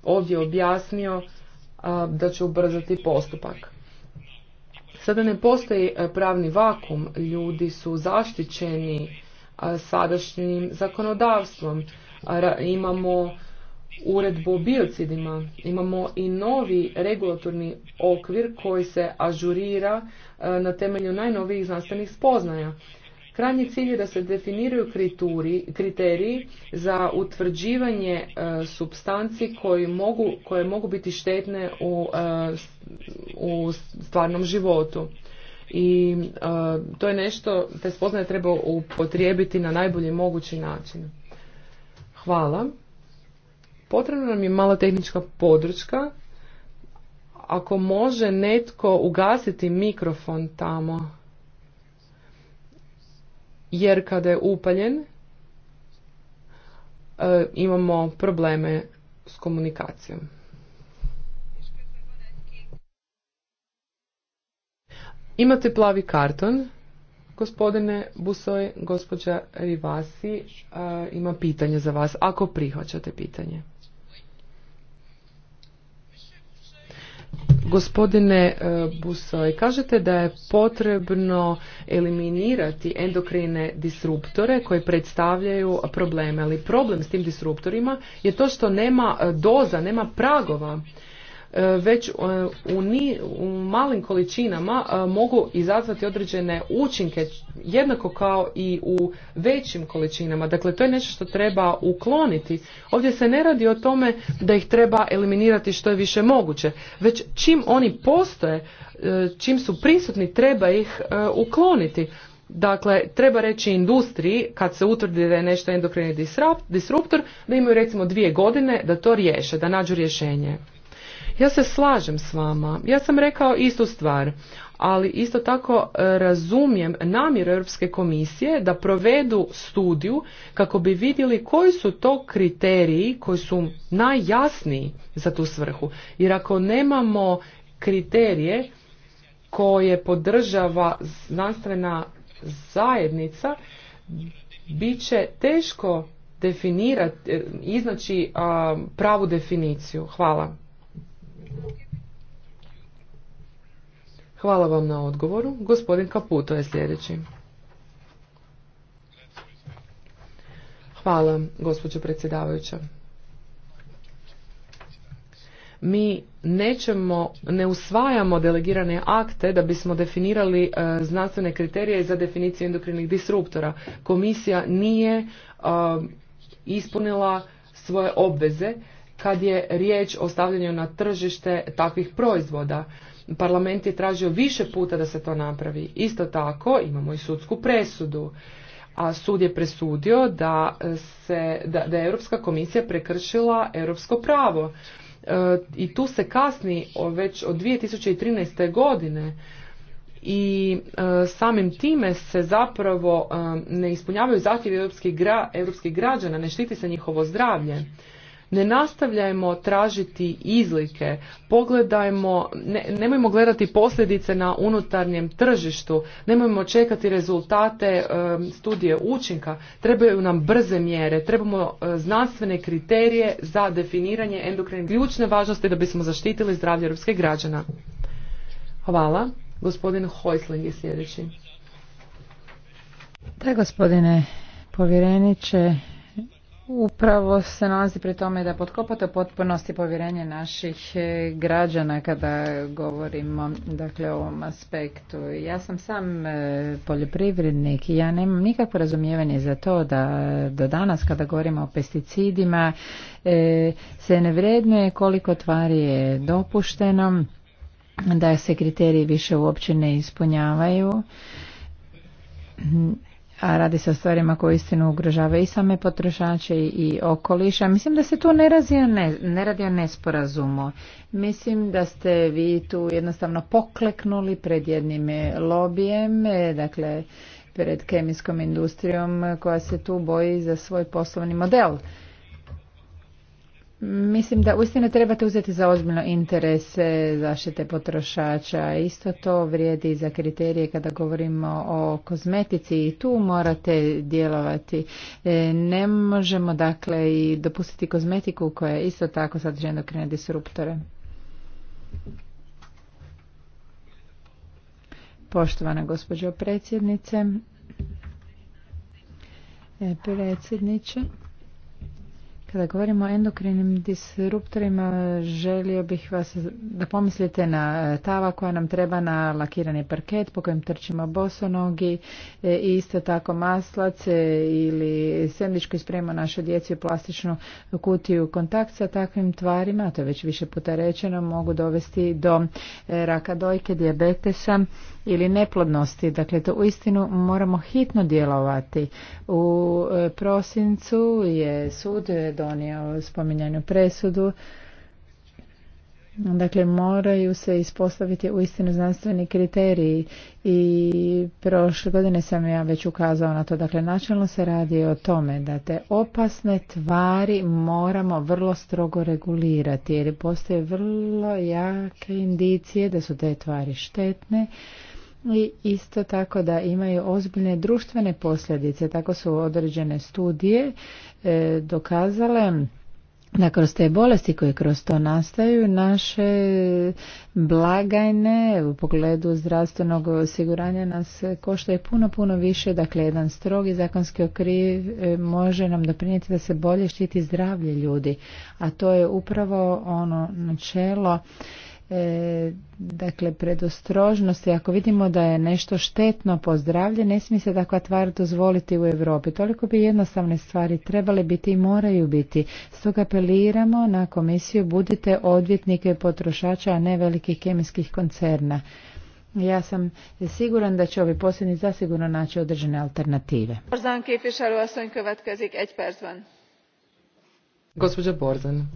ovdje objasnio e, da će ubrzati postupak. Sada ne postoji e, pravni vakum, ljudi su zaštićeni sadašnjim zakonodavstvom. Imamo uredbu o biocidima, imamo i novi regulatorni okvir koji se ažurira e, na temelju najnovijih znanstvenih spoznaja. Krajnji cilj je da se definiraju kriteriji za utvrđivanje supstanci e, substanci koje mogu biti štetne u, e, stvarnom životu. I to je nešto, te spoznaje treba upotrijebiti na najbolji mogući način. Hvala. Potrebna nam je mala tehnička podrška. Ako može netko ugasiti mikrofon tamo, jer kada je upaljen, e, imamo probleme s komunikacijom. Imate plavi karton. Gospodine Busoj, gospođa Rivasi e, ima pitanje za vas, ako prihvaćate pitanje. Gospodine e, Busoj, kažete da je potrebno eliminirati endokrine disruptore koji predstavljaju probleme, ali problem s tim disruptorima je to što nema e, doza, nema pragova E, već e, u, u malim količinama e, mogu izazvati određene učinke jednako kao i u većim količinama. Dakle, to je nešto što treba ukloniti. Ovdje se ne radi o tome da ih treba eliminirati što je više moguće, već čim oni postoje, čim su prisutni, treba ih ukloniti. Dakle, treba reći industriji, kad se utvrdi da je nešto endokrini disruptor, da imaju recimo dvije godine da to riješe, da nađu rješenje. Ja se slažem s vama. Ja sam rekao istu stvar, ali isto tako e, razumijem namjer Europske komisije da provedu studiju kako bi vidjeli koji su to kriteriji koji su najjasniji za tu svrhu. Jer ako nemamo kriterije koje podržava znanstvena zajednica, bit će teško definirati, e, iznaći pravu definiciju. Hvala. Hvala vam na odgovoru. Gospodin Kaputo je sljedeći. Hvala, gospođo predsjedavajuća. Mi nećemo, ne usvajamo delegirane akte da bismo definirali e, znanstvene kriterije za definiciju endokrinih disruptora. Komisija nije e, ispunila svoje obveze kad je riječ o stavljanju na tržište takvih proizvoda. Parlament je tražio više puta da se to napravi. Isto tako imamo i sudsku presudu. A sud je presudio da, se, da, da je Europska komisija prekršila europsko pravo. E, I tu se kasni već od 2013. godine i e, samim time se zapravo e, ne ispunjavaju zahtjevi europskih građana, ne štiti se njihovo zdravlje. Ne nastavljajmo tražiti izlike, pogledajmo, nemojmo gledati posljedice na unutarnjem tržištu, nemojmo čekati rezultate e, studije učinka, trebaju nam brze mjere, trebamo e, znanstvene kriterije za definiranje endokrine ključne važnosti da bismo zaštitili zdravlje europskih građana. Hvala. Gospodin Hojsling je sljedeći. Da, gospodine povjereniče, upravo se nalazi pri tome da potkopate u potpunosti povjerenje naših e, građana kada govorimo dakle, o ovom aspektu. Ja sam sam e, poljoprivrednik i ja nemam nikakvo razumijevanje za to da do danas kada govorimo o pesticidima e, se ne vrednuje koliko tvari je dopušteno, da se kriteriji više uopće ne ispunjavaju a radi se o stvarima koje istinu ugrožavaju i same potrošače i okoliša. Mislim da se tu ne, razio, ne, ne radi o nesporazumu. Mislim da ste vi tu jednostavno pokleknuli pred jednim e, lobijem, e, dakle pred kemijskom industrijom koja se tu boji za svoj poslovni model. Mislim da uistinu trebate uzeti za ozbiljno interese zaštite potrošača. Isto to vrijedi za kriterije kada govorimo o kozmetici i tu morate djelovati. E, ne možemo dakle i dopustiti kozmetiku koja je isto tako sadržena endokrine disruptore. Poštovana gospođo predsjednice, e, predsjedniče, kada dakle, govorimo o endokrinim disruptorima, želio bih vas da pomislite na e, tava koja nam treba na lakirani parket po kojem trčimo bosonogi e, i isto tako maslac ili sendvič koji naše našoj djeci u plastičnu kutiju. Kontakt sa takvim tvarima, a to je već više puta rečeno, mogu dovesti do e, raka dojke, dijabetesa ili neplodnosti. Dakle, to uistinu moramo hitno djelovati. U prosincu je sud do donio spominjanju presudu. Dakle, moraju se ispostaviti u istinu znanstveni kriteriji i prošle godine sam ja već ukazao na to. Dakle, načelno se radi o tome da te opasne tvari moramo vrlo strogo regulirati jer postoje vrlo jake indicije da su te tvari štetne i isto tako da imaju ozbiljne društvene posljedice. Tako su određene studije e, dokazale da kroz te bolesti koje kroz to nastaju naše blagajne u pogledu zdravstvenog osiguranja nas košta puno, puno više. Dakle, jedan strogi zakonski okriv e, može nam doprinijeti da se bolje štiti zdravlje ljudi, a to je upravo ono načelo E, dakle, predostrožnosti, ako vidimo da je nešto štetno po zdravlje, ne smije se takva tvar dozvoliti u Europi. Toliko bi jednostavne stvari trebale biti i moraju biti. Stoga apeliramo na komisiju, budite odvjetnike potrošača, a ne velikih kemijskih koncerna. Ja sam siguran da će ovi posljednji zasigurno naći određene alternative. Borzan, Gospođa Borzan.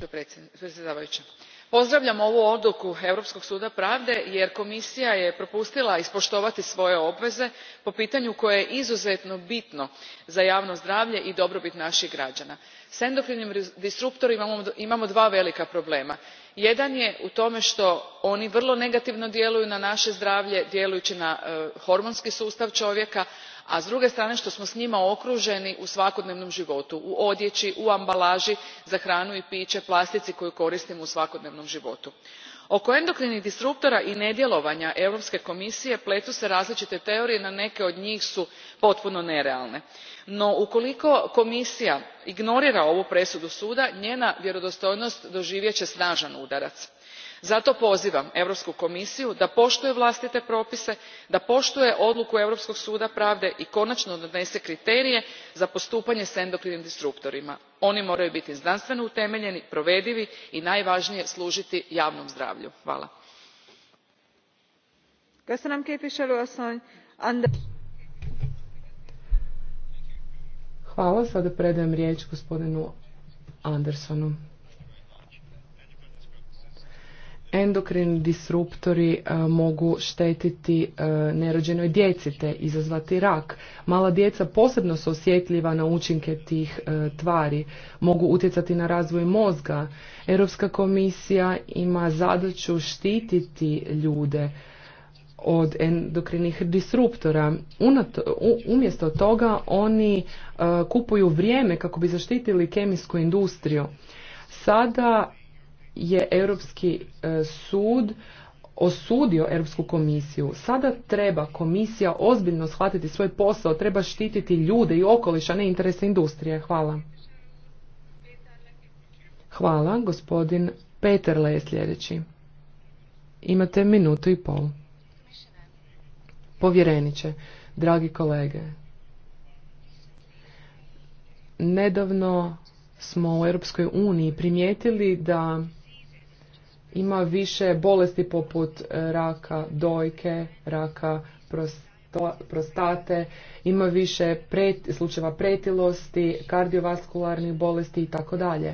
Predsjedavajuća pozdravljam ovu odluku europskog suda pravde jer komisija je propustila ispoštovati svoje obveze po pitanju koje je izuzetno bitno za javno zdravlje i dobrobit naih građana. s endokrinim disruptorima imamo dva velika problema jedan je u tome to oni vrlo negativno djeluju na nae zdravlje djelujući na e, hormonski sustav ovjeka a s druge strane što smo s njima okruženi u svakodnevnom životu u odjeći u ambalaži za hranu i piće plastici koju koristimo u svakodnevnom životu. oko endokrinih disruptora i nedjelovanja europske komisije pletu se različite teorije na neke od njih su potpuno nerealne. no ukoliko komisija ignorira ovu presudu suda njena vjerodostojnost doživjet će snažan udarac zato pozivam europsku komisiju da poštuje vlastite propise da poštuje odluku europskog suda pravde i konačno donese kriterije za postupanje s endokrinim disruptorima. oni moraju biti znanstveno utemeljeni provedivi i najvažnije služiti javnom zdravlju. hvala. Andersonu endokrini disruptori e, mogu štetiti e, nerođenoj djeci te izazvati rak. Mala djeca posebno su osjetljiva na učinke tih e, tvari, mogu utjecati na razvoj mozga. Europska komisija ima zadaću štititi ljude od endokrinih disruptora. Unato, umjesto toga oni kupuju vrijeme kako bi zaštitili kemijsku industriju. Sada je Europski e, sud osudio Europsku komisiju. Sada treba komisija ozbiljno shvatiti svoj posao, treba štititi ljude i okoliš, a ne interese industrije. Hvala. Hvala, gospodin Peterle je sljedeći. Imate minutu i pol. Povjereniće, dragi kolege, nedavno smo u Europskoj uniji primijetili da ima više bolesti poput e, raka dojke, raka prostate, ima više slučajeva pretilosti, kardiovaskularnih bolesti i tako dalje.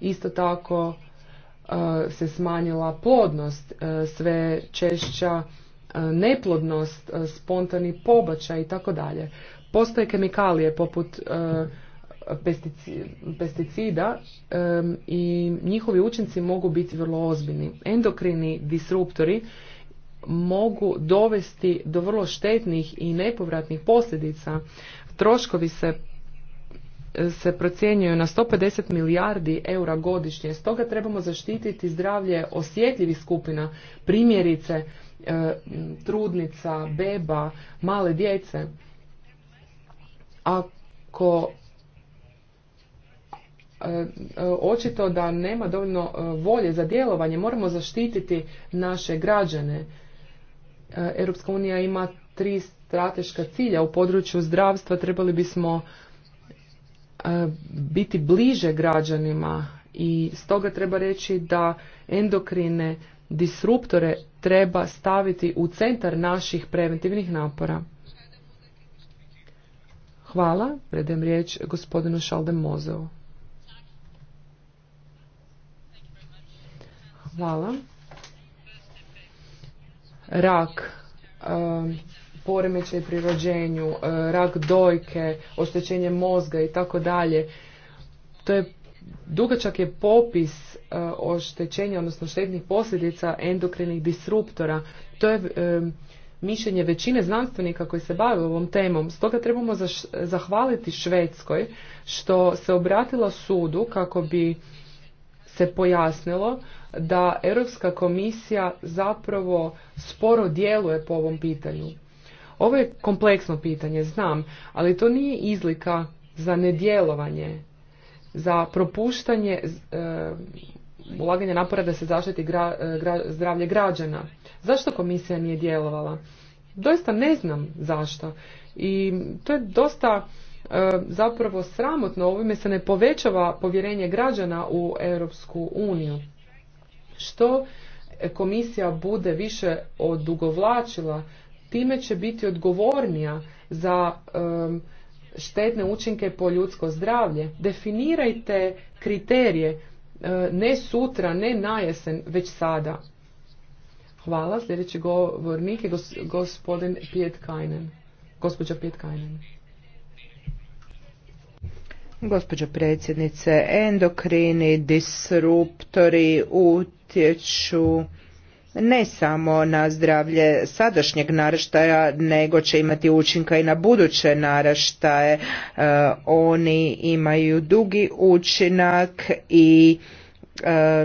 Isto tako e, se smanjila plodnost, e, sve češća neplodnost, spontani pobačaj i tako dalje. Postoje kemikalije poput pesticida i njihovi učinci mogu biti vrlo ozbiljni. Endokrini disruptori mogu dovesti do vrlo štetnih i nepovratnih posljedica. Troškovi se se procjenjuju na 150 milijardi eura godišnje. Stoga trebamo zaštititi zdravlje osjetljivih skupina, primjerice trudnica, beba, male djece. Ako E, e, očito da nema dovoljno e, volje za djelovanje. Moramo zaštititi naše građane. Europska unija ima tri strateška cilja u području zdravstva. Trebali bismo biti bliže građanima i stoga treba reći da endokrine disruptore treba staviti u centar naših preventivnih napora. Hvala. Predem riječ gospodinu Šaldemozovu. Hvala. Rak, um, poremećaj pri rođenju, uh, rak dojke, oštećenje mozga i tako dalje. To je dugačak je popis uh, oštećenja, odnosno štetnih posljedica endokrinih disruptora. To je um, mišljenje većine znanstvenika koji se bave ovom temom. Stoga trebamo zahvaliti Švedskoj što se obratila sudu kako bi se pojasnilo da Europska komisija zapravo sporo djeluje po ovom pitanju. Ovo je kompleksno pitanje, znam, ali to nije izlika za nedjelovanje, za propuštanje e, ulaganja napora da se zaštiti e, zdravlje građana. Zašto komisija nije djelovala? Doista ne znam zašto. I to je dosta E, zapravo sramotno, ovime se ne povećava povjerenje građana u Europsku uniju. Što komisija bude više odugovlačila, time će biti odgovornija za štetne učinke po ljudsko zdravlje. Definirajte kriterije e, ne sutra, ne jesen već sada. Hvala. Sljedeći govornik je gospodin Piet Kajnen. Gospođa Piet Kajnen. Gospođo predsjednice, endokrini disruptori utječu ne samo na zdravlje sadašnjeg naraštaja, nego će imati učinka i na buduće naraštaje. E, oni imaju dugi učinak i e,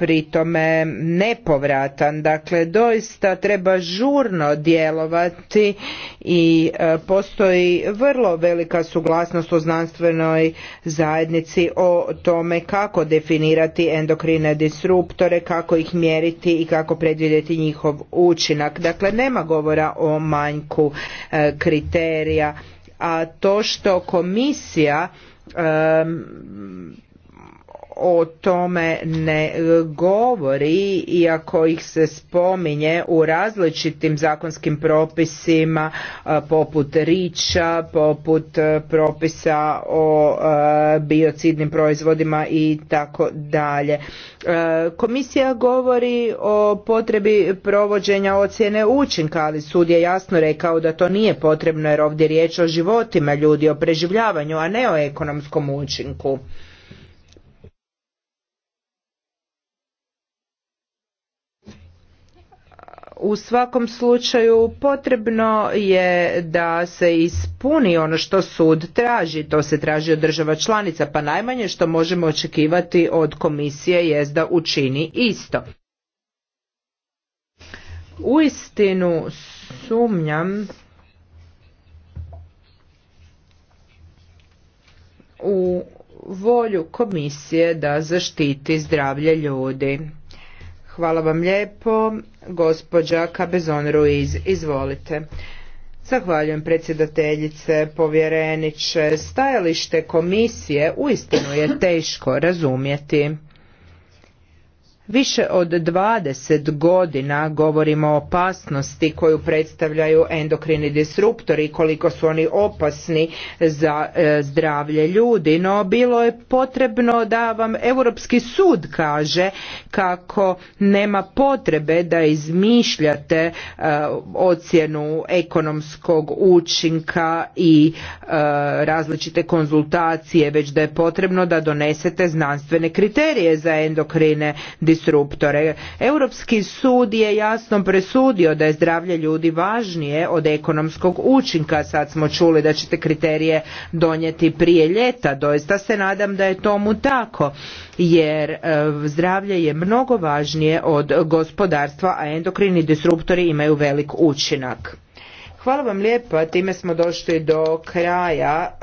pritome nepovratan. Dakle, doista treba žurno djelovati i e, postoji vrlo velika suglasnost u znanstvenoj zajednici o tome kako definirati endokrine disruptore, kako ih mjeriti i kako predvidjeti njihov učinak. Dakle, nema govora o manjku e, kriterija, a to što komisija e, o tome ne govori, iako ih se spominje u različitim zakonskim propisima poput riča, poput propisa o biocidnim proizvodima i tako dalje. Komisija govori o potrebi provođenja ocjene učinka, ali sud je jasno rekao da to nije potrebno jer ovdje riječ o životima ljudi, o preživljavanju, a ne o ekonomskom učinku. u svakom slučaju potrebno je da se ispuni ono što sud traži. To se traži od država članica, pa najmanje što možemo očekivati od komisije je da učini isto. istinu sumnjam u volju komisije da zaštiti zdravlje ljudi. Hvala vam lijepo. Gospođa Kabezon Ruiz, izvolite. Zahvaljujem predsjedateljice, povjereniče. Stajalište komisije uistinu je teško razumjeti. Više od 20 godina govorimo o opasnosti koju predstavljaju endokrini disruptori i koliko su oni opasni za e, zdravlje ljudi, no bilo je potrebno da vam Europski sud kaže kako nema potrebe da izmišljate e, ocjenu ekonomskog učinka i e, različite konzultacije, već da je potrebno da donesete znanstvene kriterije za endokrine disruptori disruptore. Europski sud je jasno presudio da je zdravlje ljudi važnije od ekonomskog učinka. Sad smo čuli da ćete kriterije donijeti prije ljeta. Doista se nadam da je tomu tako jer e, zdravlje je mnogo važnije od gospodarstva, a endokrini disruptori imaju velik učinak. Hvala vam lijepa, time smo došli do kraja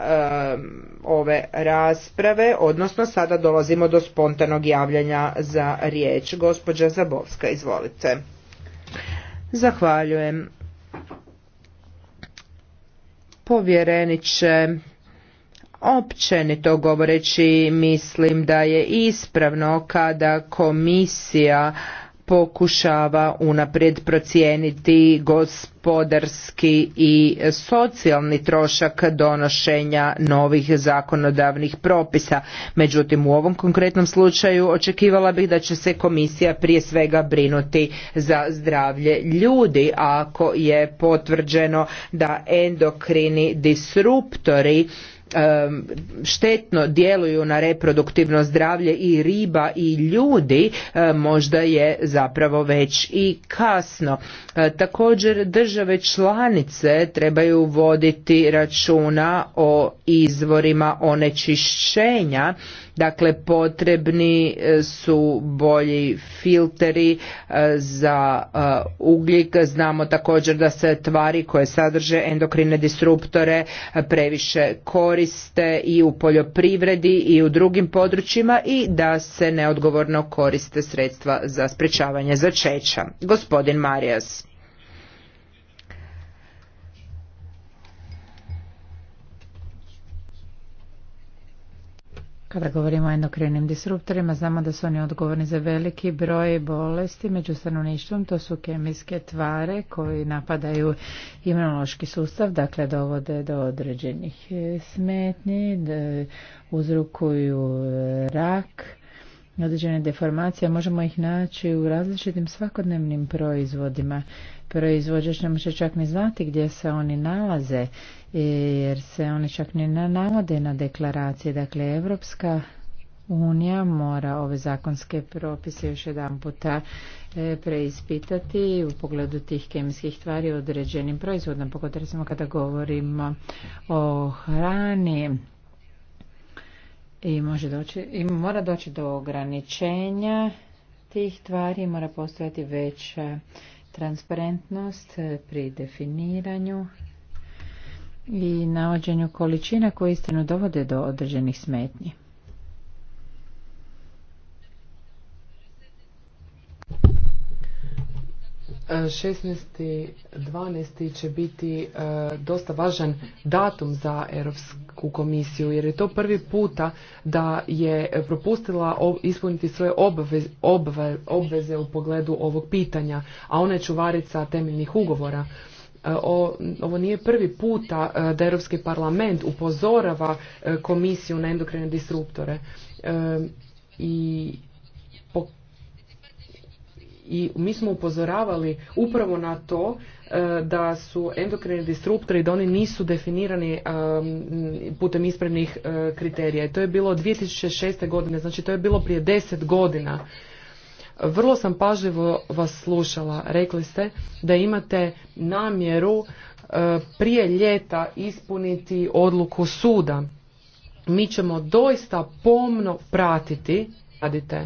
ove rasprave, odnosno sada dolazimo do spontanog javljanja za riječ. Gospođa Zabovska, izvolite. Zahvaljujem. Povjereniče, općenito govoreći mislim da je ispravno kada komisija pokušava unaprijed procijeniti gospodarski i socijalni trošak donošenja novih zakonodavnih propisa. Međutim, u ovom konkretnom slučaju očekivala bih da će se komisija prije svega brinuti za zdravlje ljudi, ako je potvrđeno da endokrini disruptori štetno djeluju na reproduktivno zdravlje i riba i ljudi možda je zapravo već i kasno. E, također države članice trebaju voditi računa o izvorima onečišćenja Dakle, potrebni e, su bolji filteri e, za e, ugljik. Znamo također da se tvari koje sadrže endokrine disruptore previše koriste i u poljoprivredi i u drugim područjima i da se neodgovorno koriste sredstva za sprečavanje začeća. Gospodin Marijas. Kada govorimo o endokrinim disruptorima, znamo da su oni odgovorni za veliki broj bolesti među stanovništvom. To su kemijske tvare koji napadaju imunološki sustav, dakle dovode do određenih smetnji, uzrukuju rak, određene deformacije, možemo ih naći u različitim svakodnevnim proizvodima. Proizvođač ne može čak ni znati gdje se oni nalaze, jer se oni čak ni navode na deklaraciji. Dakle, Evropska Unija mora ove zakonske propise još jedan puta e, preispitati u pogledu tih kemijskih tvari određenim proizvodom, pogotovo kada govorimo o hrani i može doći i mora doći do ograničenja tih tvari mora postojati veća transparentnost pri definiranju i navođenju količina koje istinu dovode do određenih smetnji 16.12. će biti e, dosta važan datum za Europsku komisiju jer je to prvi puta da je propustila ispuniti svoje obveze, u pogledu ovog pitanja, a ona je čuvarica temeljnih ugovora. E, ovo nije prvi puta e, da Europski parlament upozorava komisiju na endokrine disruptore i i mi smo upozoravali upravo na to e, da su endokrini disruptori da oni nisu definirani e, putem ispravnih e, kriterija i to je bilo 2006. godine znači to je bilo prije 10 godina vrlo sam pažljivo vas slušala rekli ste da imate namjeru prije ljeta ispuniti odluku suda mi ćemo doista pomno pratiti radite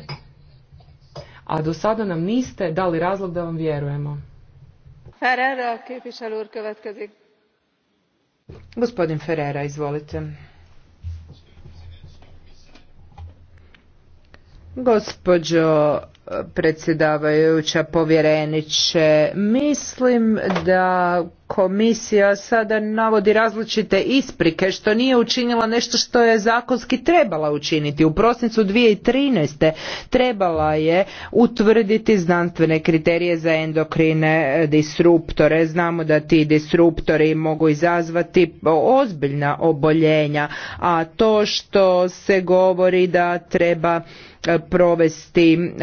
a do sada nam niste dali razlog da vam vjerujemo. Ferrera, képviselő következik. Gospodin Ferrera, izvolite. Gospođo predsjedavajuća povjereniče. Mislim da komisija sada navodi različite isprike što nije učinila nešto što je zakonski trebala učiniti. U prosincu 2013. trebala je utvrditi znanstvene kriterije za endokrine disruptore. Znamo da ti disruptori mogu izazvati ozbiljna oboljenja, a to što se govori da treba E, provesti e,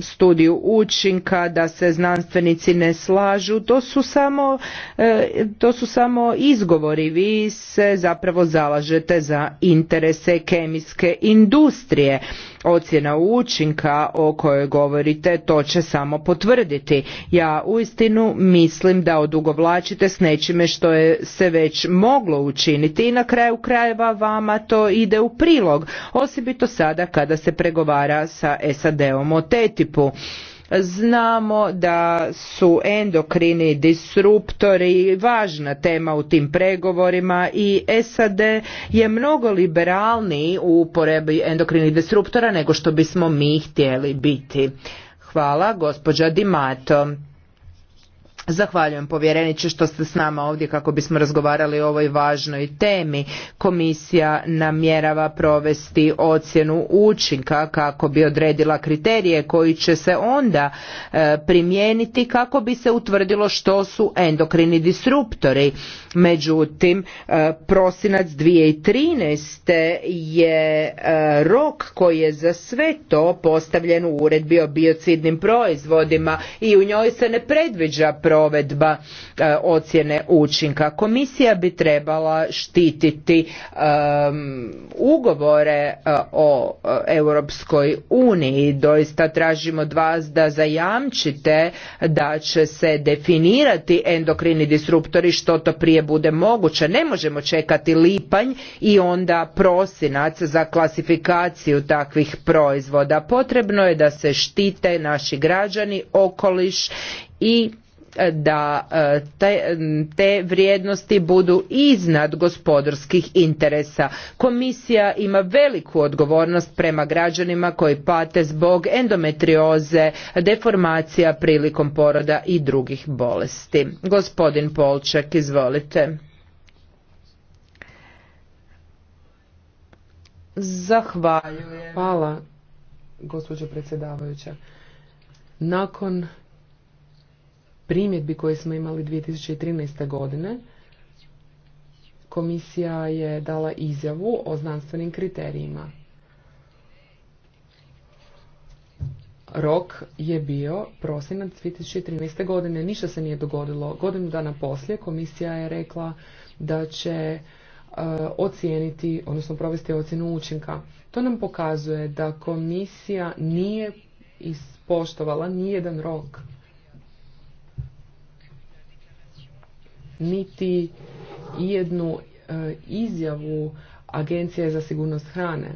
studiju učinka, da se znanstvenici ne slažu, to su samo, e, to su samo izgovori. Vi se zapravo zalažete za interese kemijske industrije ocjena učinka o kojoj govorite to će samo potvrditi. Ja uistinu mislim da odugovlačite s nečime što je se već moglo učiniti i na kraju krajeva vama to ide u prilog, osobito sada kada se pregovara sa SAD-om o TTIP-u. Znamo da su endokrini disruptori važna tema u tim pregovorima i SAD je mnogo liberalniji u uporebi endokrinih disruptora nego što bismo mi htjeli biti. Hvala, gospođa Dimato. Zahvaljujem povjereniče što ste s nama ovdje kako bismo razgovarali o ovoj važnoj temi. Komisija namjerava provesti ocjenu učinka kako bi odredila kriterije koji će se onda e, primijeniti kako bi se utvrdilo što su endokrini disruptori. Međutim, e, prosinac 2013. je e, rok koji je za sve to postavljen u uredbi o biocidnim proizvodima i u njoj se ne predviđa provedba e, ocjene učinka. Komisija bi trebala štititi e, ugovore e, o Europskoj uniji. Doista tražimo od vas da zajamčite da će se definirati endokrini disruptori što to prije bude moguće. Ne možemo čekati lipanj i onda prosinac za klasifikaciju takvih proizvoda. Potrebno je da se štite naši građani, okoliš i da e, te, te vrijednosti budu iznad gospodarskih interesa. Komisija ima veliku odgovornost prema građanima koji pate zbog endometrioze, deformacija prilikom poroda i drugih bolesti. Gospodin Polček, izvolite. Zahvaljujem. Hvala, gospođo predsjedavajuća. Nakon primjedbi koje smo imali 2013. godine, komisija je dala izjavu o znanstvenim kriterijima. Rok je bio prosinac 2013. godine, ništa se nije dogodilo. Godinu dana poslije komisija je rekla da će e, ocijeniti, odnosno provesti ocjenu učinka. To nam pokazuje da komisija nije ispoštovala nijedan rok niti jednu e, izjavu Agencije za sigurnost hrane.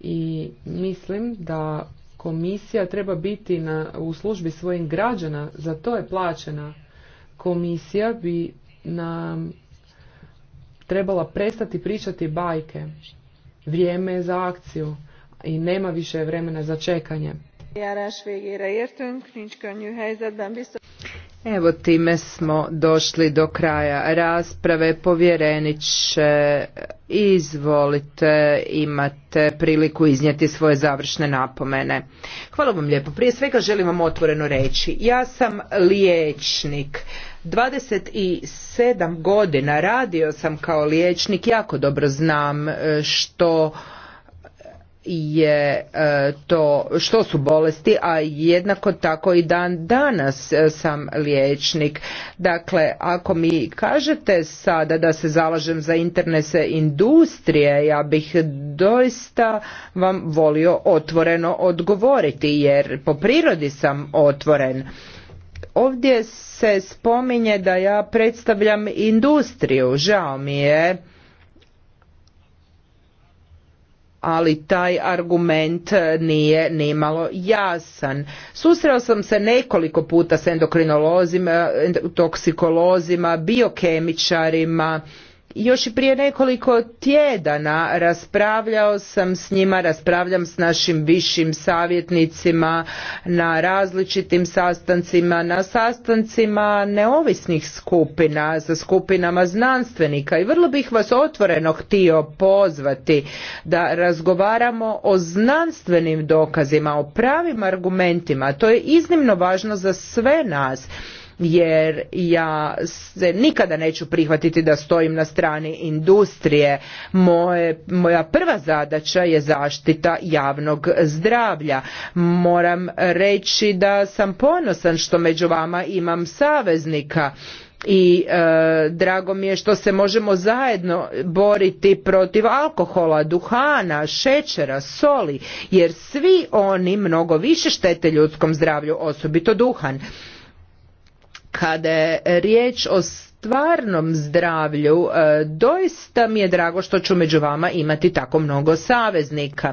I mislim da komisija treba biti na, u službi svojim građana, za to je plaćena. Komisija bi nam trebala prestati pričati bajke. Vrijeme je za akciju i nema više vremena za čekanje. Evo time smo došli do kraja rasprave. Povjereniće, izvolite, imate priliku iznijeti svoje završne napomene. Hvala vam lijepo. Prije svega želim vam otvoreno reći. Ja sam liječnik. 27 godina radio sam kao liječnik, jako dobro znam e, što je e, to što su bolesti, a jednako tako i dan danas e, sam liječnik. Dakle, ako mi kažete sada da se zalažem za internese industrije, ja bih doista vam volio otvoreno odgovoriti, jer po prirodi sam otvoren. Ovdje se spominje da ja predstavljam industriju, žao mi je ali taj argument nije nimalo jasan. Susreo sam se nekoliko puta s endokrinolozima, toksikolozima, biokemičarima, još i prije nekoliko tjedana raspravljao sam s njima, raspravljam s našim višim savjetnicima na različitim sastancima, na sastancima neovisnih skupina, sa skupinama znanstvenika i vrlo bih vas otvoreno htio pozvati da razgovaramo o znanstvenim dokazima, o pravim argumentima. To je iznimno važno za sve nas jer ja se nikada neću prihvatiti da stojim na strani industrije. Moje, moja prva zadaća je zaštita javnog zdravlja. Moram reći da sam ponosan što među vama imam saveznika i e, drago mi je što se možemo zajedno boriti protiv alkohola, duhana, šećera, soli jer svi oni mnogo više štete ljudskom zdravlju, osobito duhan. Kada je riječ o stvarnom zdravlju, e, doista mi je drago što ću među vama imati tako mnogo saveznika.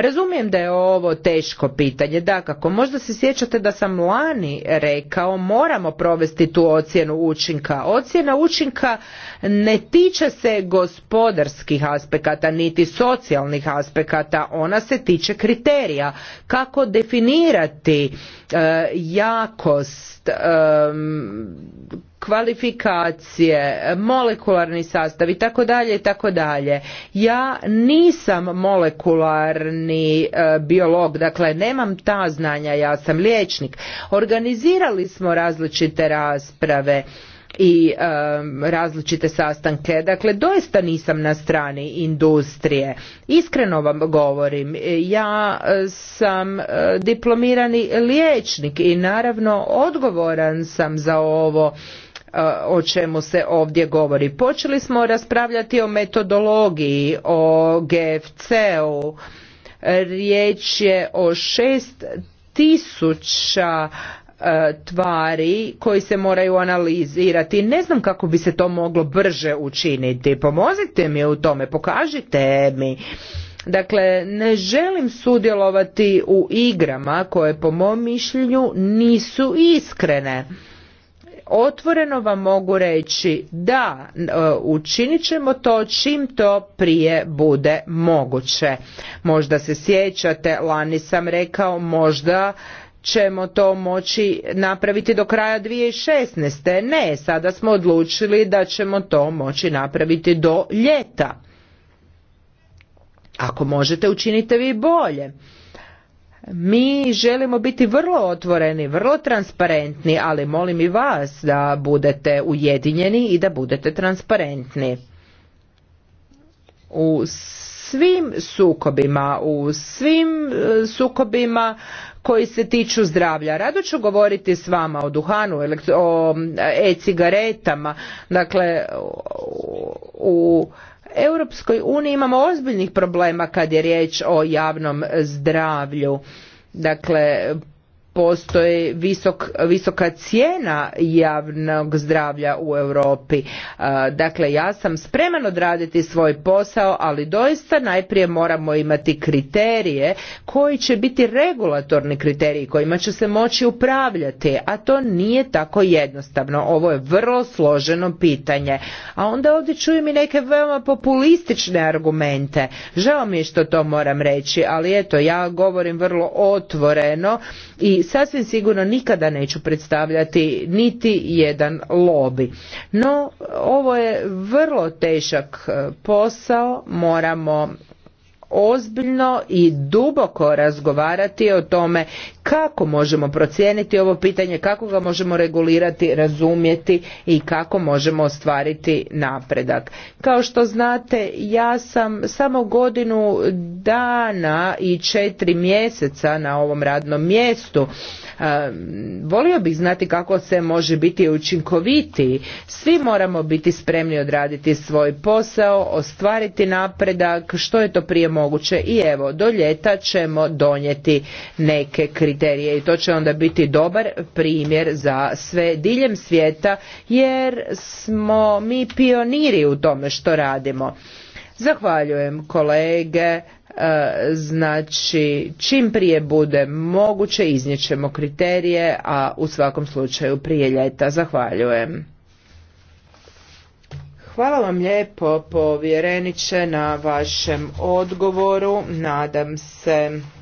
Razumijem da je ovo teško pitanje, dakako, možda se sjećate da sam lani rekao moramo provesti tu ocjenu učinka. Ocjena učinka ne tiče se gospodarskih aspekata niti socijalnih aspekata, ona se tiče kriterija. Kako definirati e, jakost, e, kvalifikacije, molekularni sastav i tako dalje i tako dalje. Ja nisam molekularni e, biolog, dakle nemam ta znanja, ja sam liječnik. Organizirali smo različite rasprave i e, različite sastanke. Dakle, doista nisam na strani industrije. Iskreno vam govorim, e, ja sam diplomirani liječnik i naravno odgovoran sam za ovo E, o čemu se ovdje govori. Počeli smo raspravljati o metodologiji, o GFC-u. Riječ je o šest tisuća e, tvari koji se moraju analizirati. Ne znam kako bi se to moglo brže učiniti. Pomozite mi u tome, pokažite mi. Dakle, ne želim sudjelovati u igrama koje po mom mišljenju nisu iskrene. Otvoreno vam mogu reći da e, učinit ćemo to čim to prije bude moguće. Možda se sjećate, lani sam rekao možda ćemo to moći napraviti do kraja 2016. Ne, sada smo odlučili da ćemo to moći napraviti do ljeta. Ako možete učinite vi bolje mi želimo biti vrlo otvoreni, vrlo transparentni, ali molim i vas da budete ujedinjeni i da budete transparentni. U svim sukobima, u svim e, sukobima koji se tiču zdravlja. Rado ću govoriti s vama o duhanu, o e-cigaretama, dakle u Europskoj uniji imamo ozbiljnih problema kad je riječ o javnom zdravlju. Dakle, postoji visok, visoka cijena javnog zdravlja u Europi. E, dakle, ja sam spreman odraditi svoj posao, ali doista najprije moramo imati kriterije koji će biti regulatorni kriteriji kojima će se moći upravljati, a to nije tako jednostavno. Ovo je vrlo složeno pitanje. A onda ovdje čujem i neke veoma populistične argumente. Žao mi je što to moram reći, ali eto, ja govorim vrlo otvoreno i sasvim sigurno nikada neću predstavljati niti jedan lobby. No, ovo je vrlo težak e, posao, moramo ozbiljno i duboko razgovarati o tome kako možemo procijeniti ovo pitanje, kako ga možemo regulirati, razumjeti i kako možemo ostvariti napredak. Kao što znate, ja sam samo godinu dana i četiri mjeseca na ovom radnom mjestu Volio bih znati kako se može biti učinkovitiji. Svi moramo biti spremni odraditi svoj posao, ostvariti napredak, što je to prije moguće i evo, do ljeta ćemo donijeti neke kriterije i to će onda biti dobar primjer za sve diljem svijeta jer smo mi pioniri u tome što radimo. Zahvaljujem kolege E, znači čim prije bude moguće iznjećemo kriterije, a u svakom slučaju prije ljeta. Zahvaljujem. Hvala vam lijepo povjereniče na vašem odgovoru. Nadam se